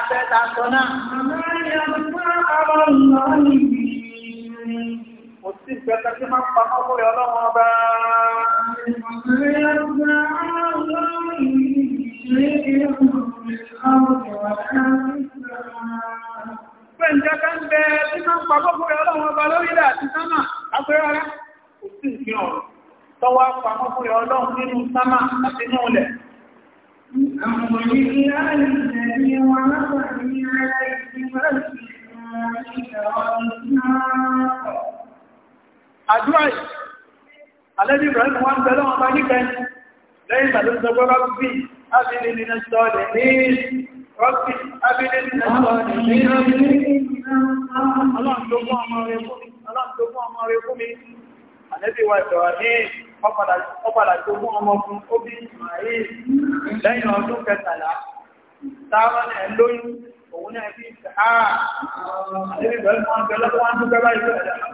A: ìgbẹ́ta tí máa ń pa mọ́kúrẹ ọlọ́run ọba. Pẹ̀ǹjẹ́ ká ń bẹ tí máa ń pa mọ́kúrẹ ọlọ́run ọba lórílẹ̀ àti sánà lápẹ́rẹ́ rẹ̀. Kò sí ìfihàn ọ̀rọ̀. Tọ́wọ́ pa mọ́kúrẹ ọlọ́run nínú sánà àti ní ilẹ̀. Àwọn ìrìn àìsẹ̀ ni wọ́n ربي أبني من الصالحين ربي أبني من الصالحين اللهم لو ما اللهم لو ما ريكمي Àlẹ́bí wa Ìbọ̀wàdín, ọpàdà tó mú ọmọ fún Obi Ismail lẹ́yìn ọdún kẹtàlá, táwọn ẹ̀ lóyún, òun náà fi ṣe àà. Àlẹ́bí bẹ̀rẹ̀ mọ́ ọjọ́ lọ́pọ̀ wá ń tó gẹ́gbà ìgbẹ̀rẹ̀ àti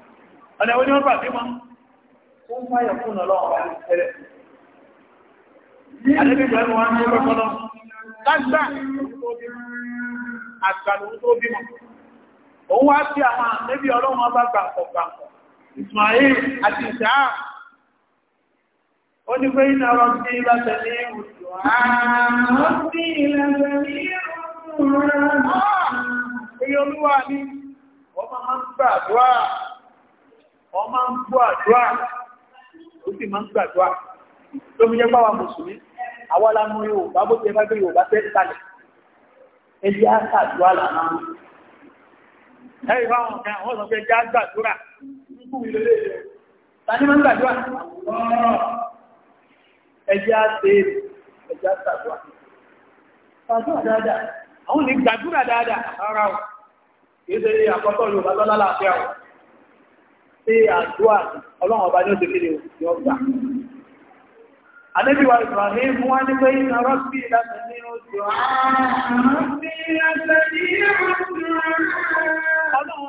A: ọ̀nà ìwé ni wọ́n pàdé mọ́ ó ń fàyọ̀ fún ọlọ́run wà ní ìfẹ́rẹ́ àdébìgbà ẹ̀rọ wọn ní ọlọ́pọ̀ lọ lágbà àgbàlù tó bímọ òun wá sí àwọn àmẹ́bí ọlọ́run ọba gbàǹkọ̀ gbàǹkọ̀ Ismail àti ìsáà ó ní pé iná ọ̀rọ̀ sí ìlàtẹ̀ ní ìwòsàn ààrùn sí ìlàtẹ̀ ní ìwòsàn ààrùn ọ máa ń gbọ́ àdúrà ó sì máa ń gbàdúrà tó fi jẹ́ pàwà mùsùlùmí àwa la mú Yorùbá bó ti ẹ bá gbé Yorùbá fẹ́ sálẹ̀ ẹbí á ṣàdúrà lànà mú. ẹ̀rí fáwọn kan àwọn sọ pé ẹjẹ́ á gbàdúrà ń kú ilé lè lè tani máa ń gbàdúrà ẹjẹ́ á ṣe ẹjẹ́ á ṣàdúrà ṣàdúrà dáadáa àwọn lè gbàdúrà dáadáa rárá o kì í ṣe àkọ́tọ̀ Yorùbá lọ́lá láàfíà o. sí àdúrà ọlọ́run ọba ní ó ti kéde gbà. ní pé iná láti ní oṣù ọlọ́run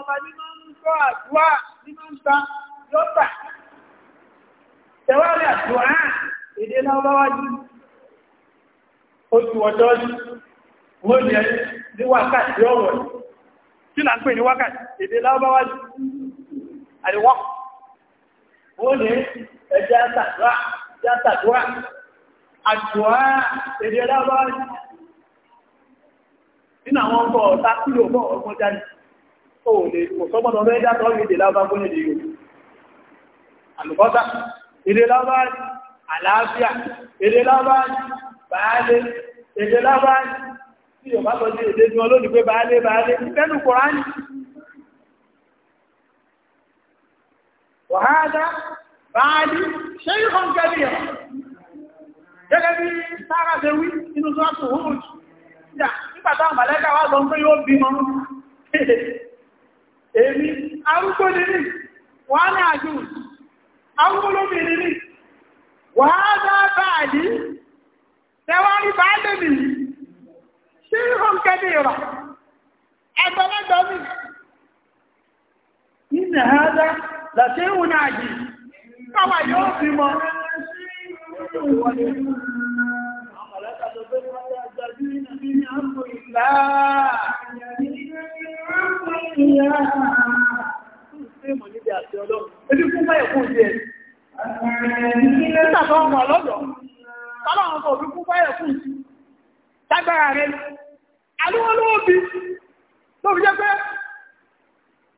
A: ọba ní máa ń sọ àdúrà ní máa ń ta yóò gbà. Tẹwàrí àdúrà èdè láwọ́wá jù ọjọ́ àríwọ́ ó ní ẹjẹ́ àtàdúrà ẹjẹ́ àtàdúrà àdúrà èdè lábá nínú àwọn ọkọ̀ ọ̀tá kílò bọ́ ọgbọ́n jáde ó lè kò sọ́gbọ́n ọmọ ẹjá tọ́ èdè lábá gbọ́n èdè yóò àlùkọ́ta èdè lábá àlàáfíà èdè lábá bàálé èdè lábá tí yóò bá sọ sí èdè tí wọn lónìí pé bàálé bàálé nínú Kùránì وهذا بعد شيخ كبير gẹ́gẹ́ bí sára ṣe wí inú sọ́tù hùrùj nígbàtà màlẹ́kà wá sọ pé yóò bímọ èmi arúgbó nìrí wọ́n ní àjú arúgbó lóbi nìrí wọ́n á dá báàdì tẹwàrí báàdì mi sí ìhùn kẹ́dẹ̀ rà ẹgbẹ̀lẹ́gbẹ̀ mi làṣẹ ìwò náà yìí káwà yóò fi mọ́ Ìtàbọ̀ ọmọ ọlọ́dọ̀, tọ́lọ́run kò rí fún báyẹ̀ fún ìsìn, tágbára rẹ̀, alúwọ́lúwọ́ bí, tó jẹ́ pé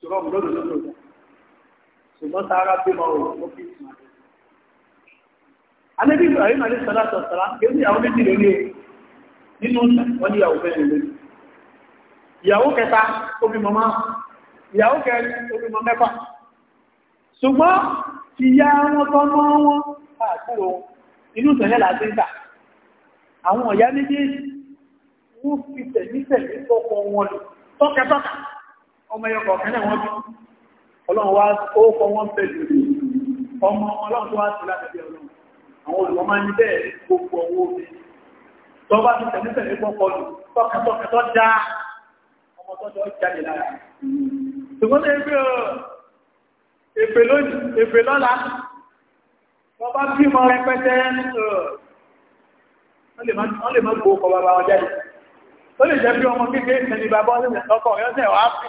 A: ti rọrùn lọ́dọ̀ lọ́dọ̀ lọ́dọ̀ ṣùgbọ́n sára bímọ ò ó fi sùn àdé.
B: Anábì Ibrahim Alé Sọlá Sọ̀sọ̀lá kéwì ìyàwó méjì
A: lórí o nínú wọn ní ìyàwó mẹ́rin lórí. Ìyàwó kẹta ó bímọ máa ìyàwó kẹrin ó bímọ mẹ́fà. Ṣùgbọ́n ìyá wọn tọ́ mọ́ wọn káàkiri ohun inú ìṣẹ̀lẹ̀ láti ń tà. Àwọn ọ̀yá méjèèjì wọ́n fi tẹ̀lé tẹ̀lé tọ́kọ wọn lò tọ́kẹ́tọ́kà ọmọ ẹyọkọ̀ kan náà wọ́n bí ọlọ́run wá ó kọ wọ́n fẹ́ jù ọmọ ọlọ́run tó wá sí láti ọlọ́run àwọn olùwọ́n máa ń ní bẹ́ẹ̀ gbogbo owó mi tó bá ti tẹ̀lé tẹ̀lé pọ́pọ́ lù tọkàtọkà tó dá ọmọ tó jọ jáde lára ṣùgbọ́n ní ẹgbẹ́ èpè lónìí èpè lọ́la wọ́n bá bí mọ rẹpẹtẹ wọ́n lè má gbowó kọ bàbá wọn jáde ó lè jẹ́ bí ọmọ kékeré ìsẹ̀ni bàbá ọlọ́kọ̀ ọ̀yọ́sẹ̀ wàá fi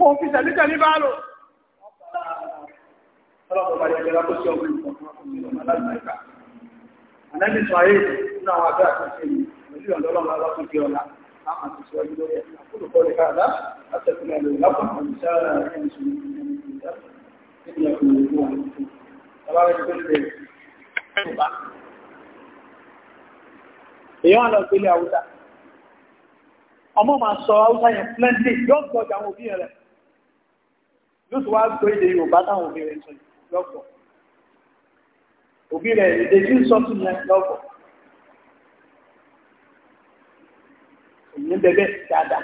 A: kò fi tẹ̀lítẹ̀ ní bá lò Ànẹ́bí sọ ayé ìrìnà àwọn àgbà àti ìṣẹ́ yìí, pẹ̀lú ọ̀dọ́lọ́mọ aláwọ̀ tó ọ̀la, a máa ti sọ ẹgbẹ́ lórí ẹ̀sìn àkúrùkọ́ lè káàdá, àtẹ́kùnrin ẹ̀lò ìlápọ̀ àti sára ẹ̀rìn ìṣòro ìrìnà ìrìnà ìrìnà ìrìnà èyàn lọ gbélé àwúsá ọmọ máa sọ àwúsá yẹn plenty yóò gbọ́jà àwọn òbí rẹ̀ yóò tún wá gbé èdè yorùbá táwọn òbí rẹ̀ sọ lọ́pọ̀ òbí rẹ̀ èdè tí ń sọ sí yẹn lọ́pọ̀ ìyẹn bẹ̀bẹ̀ dáadáa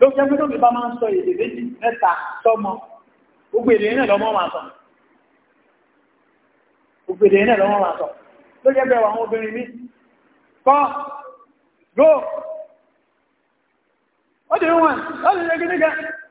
A: ló jẹ́ pé tóbi bá máa ń sọ èdè méjì mẹ́ta sọ́mọ gbogbo èdè náà lọ́mọ máa sọ gbogbo èdè náà lọ́mọ máa sọ ló jẹ́ bẹ́ẹ̀ wà àwọn obìnrin mi kọ́ lóò ó dé wọn ó dé ṣe gínígẹ́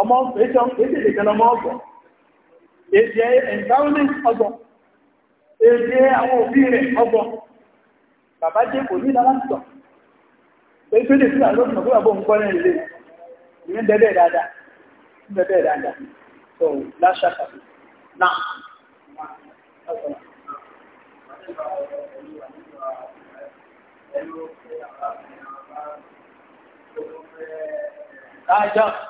A: ọmọ ẹjọ́ èdè kan ọmọ ọgbọ̀n èdè environment ọgbọ̀n èdè àwọn òbí rẹ̀ ọgbọ̀n bàbá jẹ́ kò ní ìdáláṣọ pẹ̀lú èdè sílẹ̀ lọ́sùn ọgbọ̀n àbọ̀ ń gbọ́nà ilé ìyẹn bẹ́ẹ̀ dáadáa bẹ́ẹ̀ dáadáa so láṣà Ajá. Ah,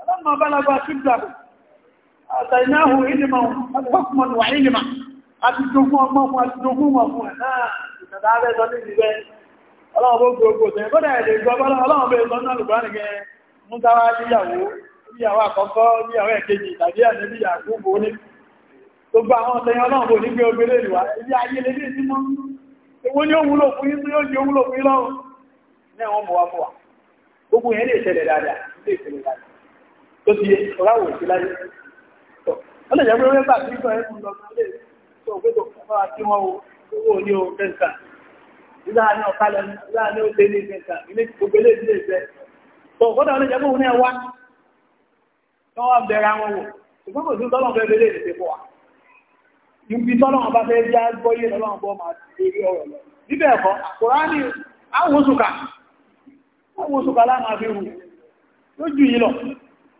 A: فلما بلغ شده آتيناه علما حكما وعلما أتدوكم أمام أتدوكم أمام ìtàdáwé sọ ní ìgbẹ́ ọlọ́ọ̀bọ̀ gbogbo ṣe kọ́dà èdè ìjọba ọlọ́ọ̀bọ̀ ìsọ náà lùgbà ní gẹ mútawá níyàwó níyàwó àkọ́kọ́ níyàwó ẹ̀kejì tàbí àti bí àkúgbò ní gbogbo àwọn ọ̀tẹ̀yìn ọlọ́ọ̀bọ̀ nígbé obìnrin ìwà ilé ayé lélé sí mọ́ ewó ni ó wúlò fún yín tí ó jẹ́ wúlò fún yín lọ́rùn ní àwọn mọ̀wá tó ti ráwò sí láyé ó lè jẹ́ pé wọ́n bá tí sọ ẹ̀kùn lọ sílé tó gbé tó fọ́ra tí wọ́n owó ní o kẹta láàrin ọ̀kálẹ̀ láàrin ó lé ní kẹta ilé gbogbo ilé ìdílé ìfẹ́ tó gbọ́dọ̀ ó lè jẹ́ pé òun ẹ̀ wá tó wá bẹ̀rẹ̀ àwọn wò ṣùgbọ́n kò sí tọ́lọ̀ fẹ́ bẹ̀rẹ̀ ìfẹ́ fọ́ wa ibi tọ́lọ̀ wọn bá fẹ́ já gbọ́yé lọ́lọ́wọ́n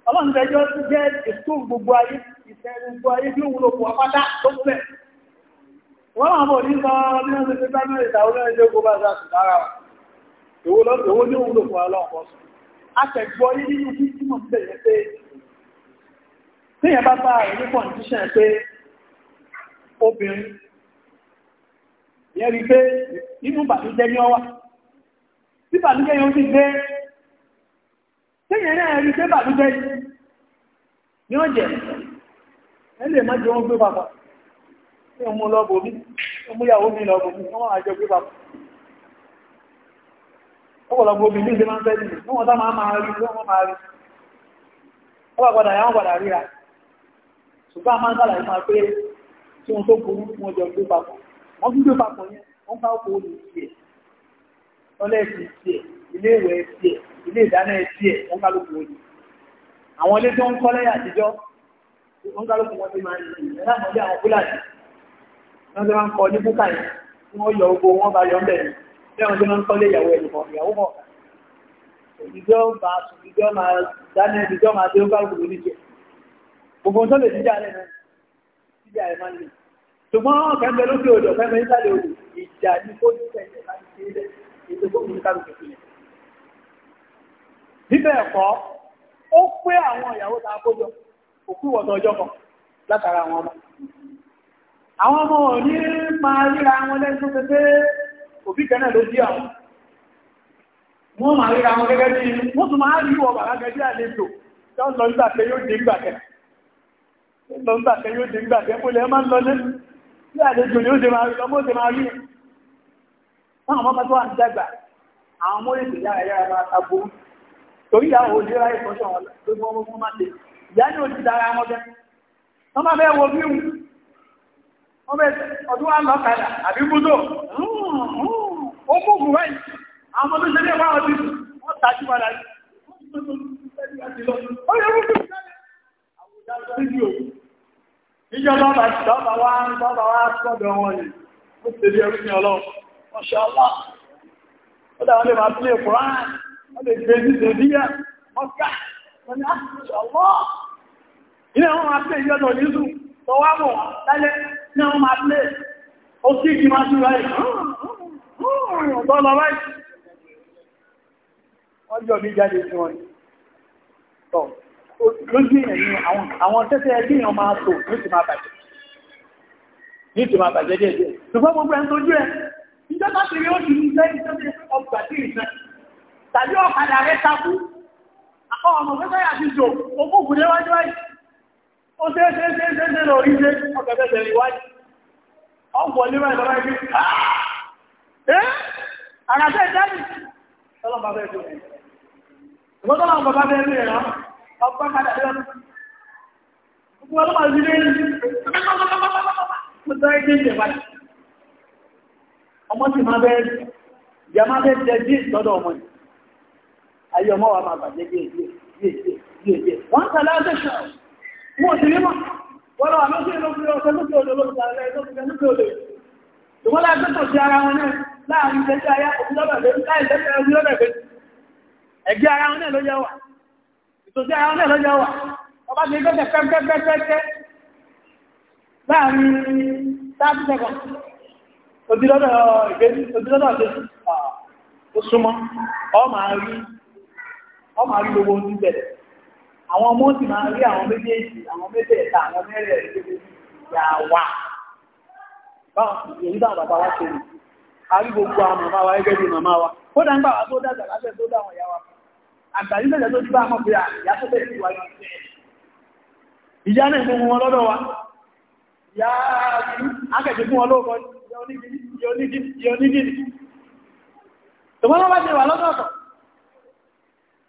A: ọlọ́run tẹ́jọ́ ti jẹ́ ètò gbogbo ayé ìfẹ́ gbogbo ayé bí òun lòpò apáta tó múlẹ̀ wọ́n máa bọ̀ ní sọ bí wọ́n ti fi bá mẹ́rin ìdáwó lẹ́yìn tó gbogbo àti àti lára èwo lọ́dọ̀ owó ní òun lòpò ọlọ́pọ̀ akẹ̀gbọ́ yé nínú kí tí mo ti bẹ̀rẹ̀ pé téèyàn bá bá rẹ̀ ní obìnrin yẹn rí pé inú bàtújẹ́ ní ọwà tí bàtújẹ́ yóò ti gbé Téèyàn náà rí pé bàbújẹ́ ní ọjẹ́, ẹ lè má jẹ wọ́n gbé bàbá. Ṣé mú lọ́bò mí? Ṣé mú yàwó mi lọ́bò mí? Wọ́n àjọ gbé bàbá. Ọ̀pọ̀lọpọ̀ obì ní ìdí máa ń fẹ́ nìyí. Wọ́n dá máa máa rí, wọ́n máa rí. Ó wà padà yà wọ́n padà ríra. Ṣùgbọ́n a máa ń sàlàyé máa pé tí wọ́n tó burú wọ́n jọ gbé papọ̀. Wọ́n gbé papọ̀ yẹn, wọ́n bá ó kó olùsí ẹ̀. Ọlẹ́ẹ̀sì sí ẹ̀ ilé ìwẹ̀ tiẹ̀ ilé ìdáná tiẹ̀ wọn kálukú wọn ni àwọn ilé tó ń kọ́ lẹ́yìn àtijọ́ wọn kálukú wọn ti máa ń lè ẹ̀ láwọn ọdẹ àwọn fúlàní wọn ti máa ń kọ́ ní búkà yìí tí wọ́n yọ ogbó wọn bá yọ ń bẹ̀ ni bẹ́ẹ̀ wọn ti máa ń kọ́ lé ìyàwó ẹ̀ nìkan ìyàwó kọ̀ọ̀kan ìjọ máa ìjọ máa dáná ìjọ máa dé wọn kálukú wọn ní jẹ gbogbo tó lè jíjà rẹ̀ ń lè ṣùgbọ́n kẹ́mẹ́ lókè odò kẹ́mẹ́ nísàlẹ̀ odò ìjà ní kó ní sẹ́yìn láti ṣe é lẹ́ ètò gbogbo ní kálukú sílẹ̀ bíbẹ̀ ẹ̀kọ́ ó pé àwọn ìyàwó ta kójọ òkú ìwọ̀tọ̀ ọjọ́ kan látara àwọn ọmọ àwọn ọmọ ò ní máa ríra wọn lẹ́nu tó pé òbí kẹ́nà ló bí àwọn wọ́n máa ríra wọn gẹ́gẹ́ bí wọ́n tún máa rí wọ bàbá gẹ́gẹ́ àlejò tó lọ ń gbàtẹ́ yóò dé gbàtẹ́ lọ ń gbàtẹ́ yóò dé gbàtẹ́ kó lẹ́ máa ń lọlé bí àlejò ni ó ṣe máa rí lọ bó ṣe máa rí wọn àwọn ọmọ tó wà ń ta burú torí ìyàwó olè ráyè tọ́jú àwọn lórí wọn mọ́ máa tè ìyá ní òjì dára wọn jẹ́ wọ́n máa bẹ́ẹ̀ wo bí wọ́n bẹ́ẹ̀ ọdún wa lọ kàdà àbí búdó ó mú òkú wáyé àwọn ọmọdé ṣe ní ẹ̀fọ́ àwọn ti wọ́n tajú padà ó yẹ kó kíkì jáde àwùjá lọ sí ìlú ìjọba ọba ìjọba wa ń bọ́ba wa sọ́dọ̀ wọn ni ó ti di ẹrú ní ọlọ́run ọ̀ṣọ́ ọlọ́run ó dàwọn lè máa tún lè kúránì wọ́n lè gbé ní sòdíyà mọ́ká wọ́n ni ah, àṣìṣọ́lọ́ ilé wọn máa pè ìjọ́dọ̀ nínú tó wá mọ̀ lálẹ́ ní wọn máa pè ó sí ìjì máa túnra ah, ẹ̀ ah, ọ̀tọ́lọ báyìí wọ́n yọ ní jáde sí wọn tọ́ lójú ẹ̀yìn àwọn tẹ́tẹ́ ẹgbẹ́ èèyàn máa tò ní ti máa bàjẹ́ ní ti máa bàjẹ́ díẹ̀ díẹ̀ ṣùgbọ́n gbogbo ẹ̀ tó jú ẹ̀ ìjọba ti rí ó ti ní sẹ́yìn sẹ́yìn ọgbà sí ìsẹ́yìn tàbí ọ̀kadà rẹ̀ takú àwọn ọmọ pẹ́pẹ́ máa bẹ́ẹ̀ jẹ́ máa bẹ́ẹ̀ jẹ́ jí ọmọ yìí ayé ọmọ wa máa bàjẹ́ díẹ̀ díẹ̀ díẹ̀ díẹ̀ wọ́n tẹ̀lé adéṣọ́ wọn ò wọ́n lókè ọmọ àrí gbogbo ohun níbẹ̀ àwọn ọmọ sì máa rí àwọn méjèèjì àwọn mẹ́tẹ̀ẹ̀ta àwọn mẹ́rẹ̀ẹ̀rẹ̀ yà wà èyí bá bàbá wa ṣe rí àrí gbogbo àwọn màmá wa gẹ́gẹ́ bí màmá wa ó dá ń gbà wá tó dàgbà lábẹ́ tó dá àwọn ìyá wa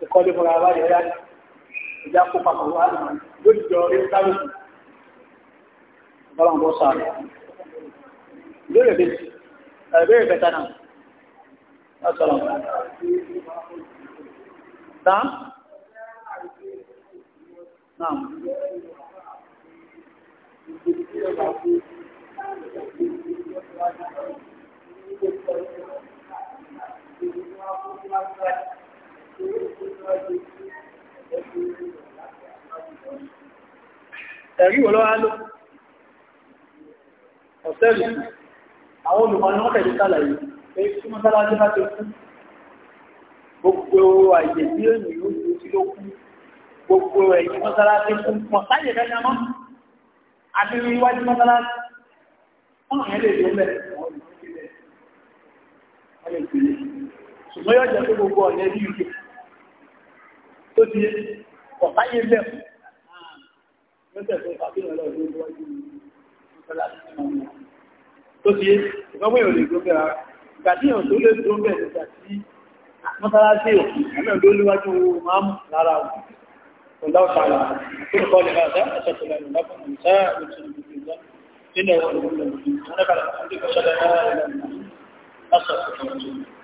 A: àti kọ́lé fúnra wa yẹ yára ìjà kó papọ̀ wá lórí jọ orí kálù ọlọ́run bó sáré lórí èdè ẹ̀bẹ̀rẹ̀ bẹ̀ta náà lọ́sọ̀rọ̀ dáa náà Thank you ẹ̀rí wọ́n lọ́wọ́ ló ọ̀sẹ́lù àwọn olùmọ̀nà wọ́n tẹ̀lé sálàyé pé kí mọ́ sálàyé bá ti kú gbogbo àyè tí ó nìyó tí ó kú gbogbo ẹ̀yìn mọ́ sálàyé kú mọ̀ sáyẹ̀ rẹ̀ nyamọ́ àti wíwájú mọ́ sálàyé wọ́n yẹn lè lọ́lẹ̀ ṣùgbọ́n yóò jẹ́ pé gbogbo ọ̀nà ẹbí yìí tó di ọ̀táyé lẹ́kù ah, mẹ́tẹ̀ tó fàbíyàn lọ sí iwájú ìfẹ́lá tó di ìgbọ́mọ̀ èèyàn lè gbọ́gbẹ́ ara gàdíyàn tó lè tó bẹ̀rẹ̀ nígbà tí mọ́sálásí òkú ẹ̀mẹ́ ló níwájú máàmù lára òkú والله تعالى كل قول هذا أشهد أن لا إله إلا الله وأشهد أن محمدا رسول الله إنه هو الحمد لله أنا على حمدك
B: أشهد أن لا إله إلا الله أستغفرك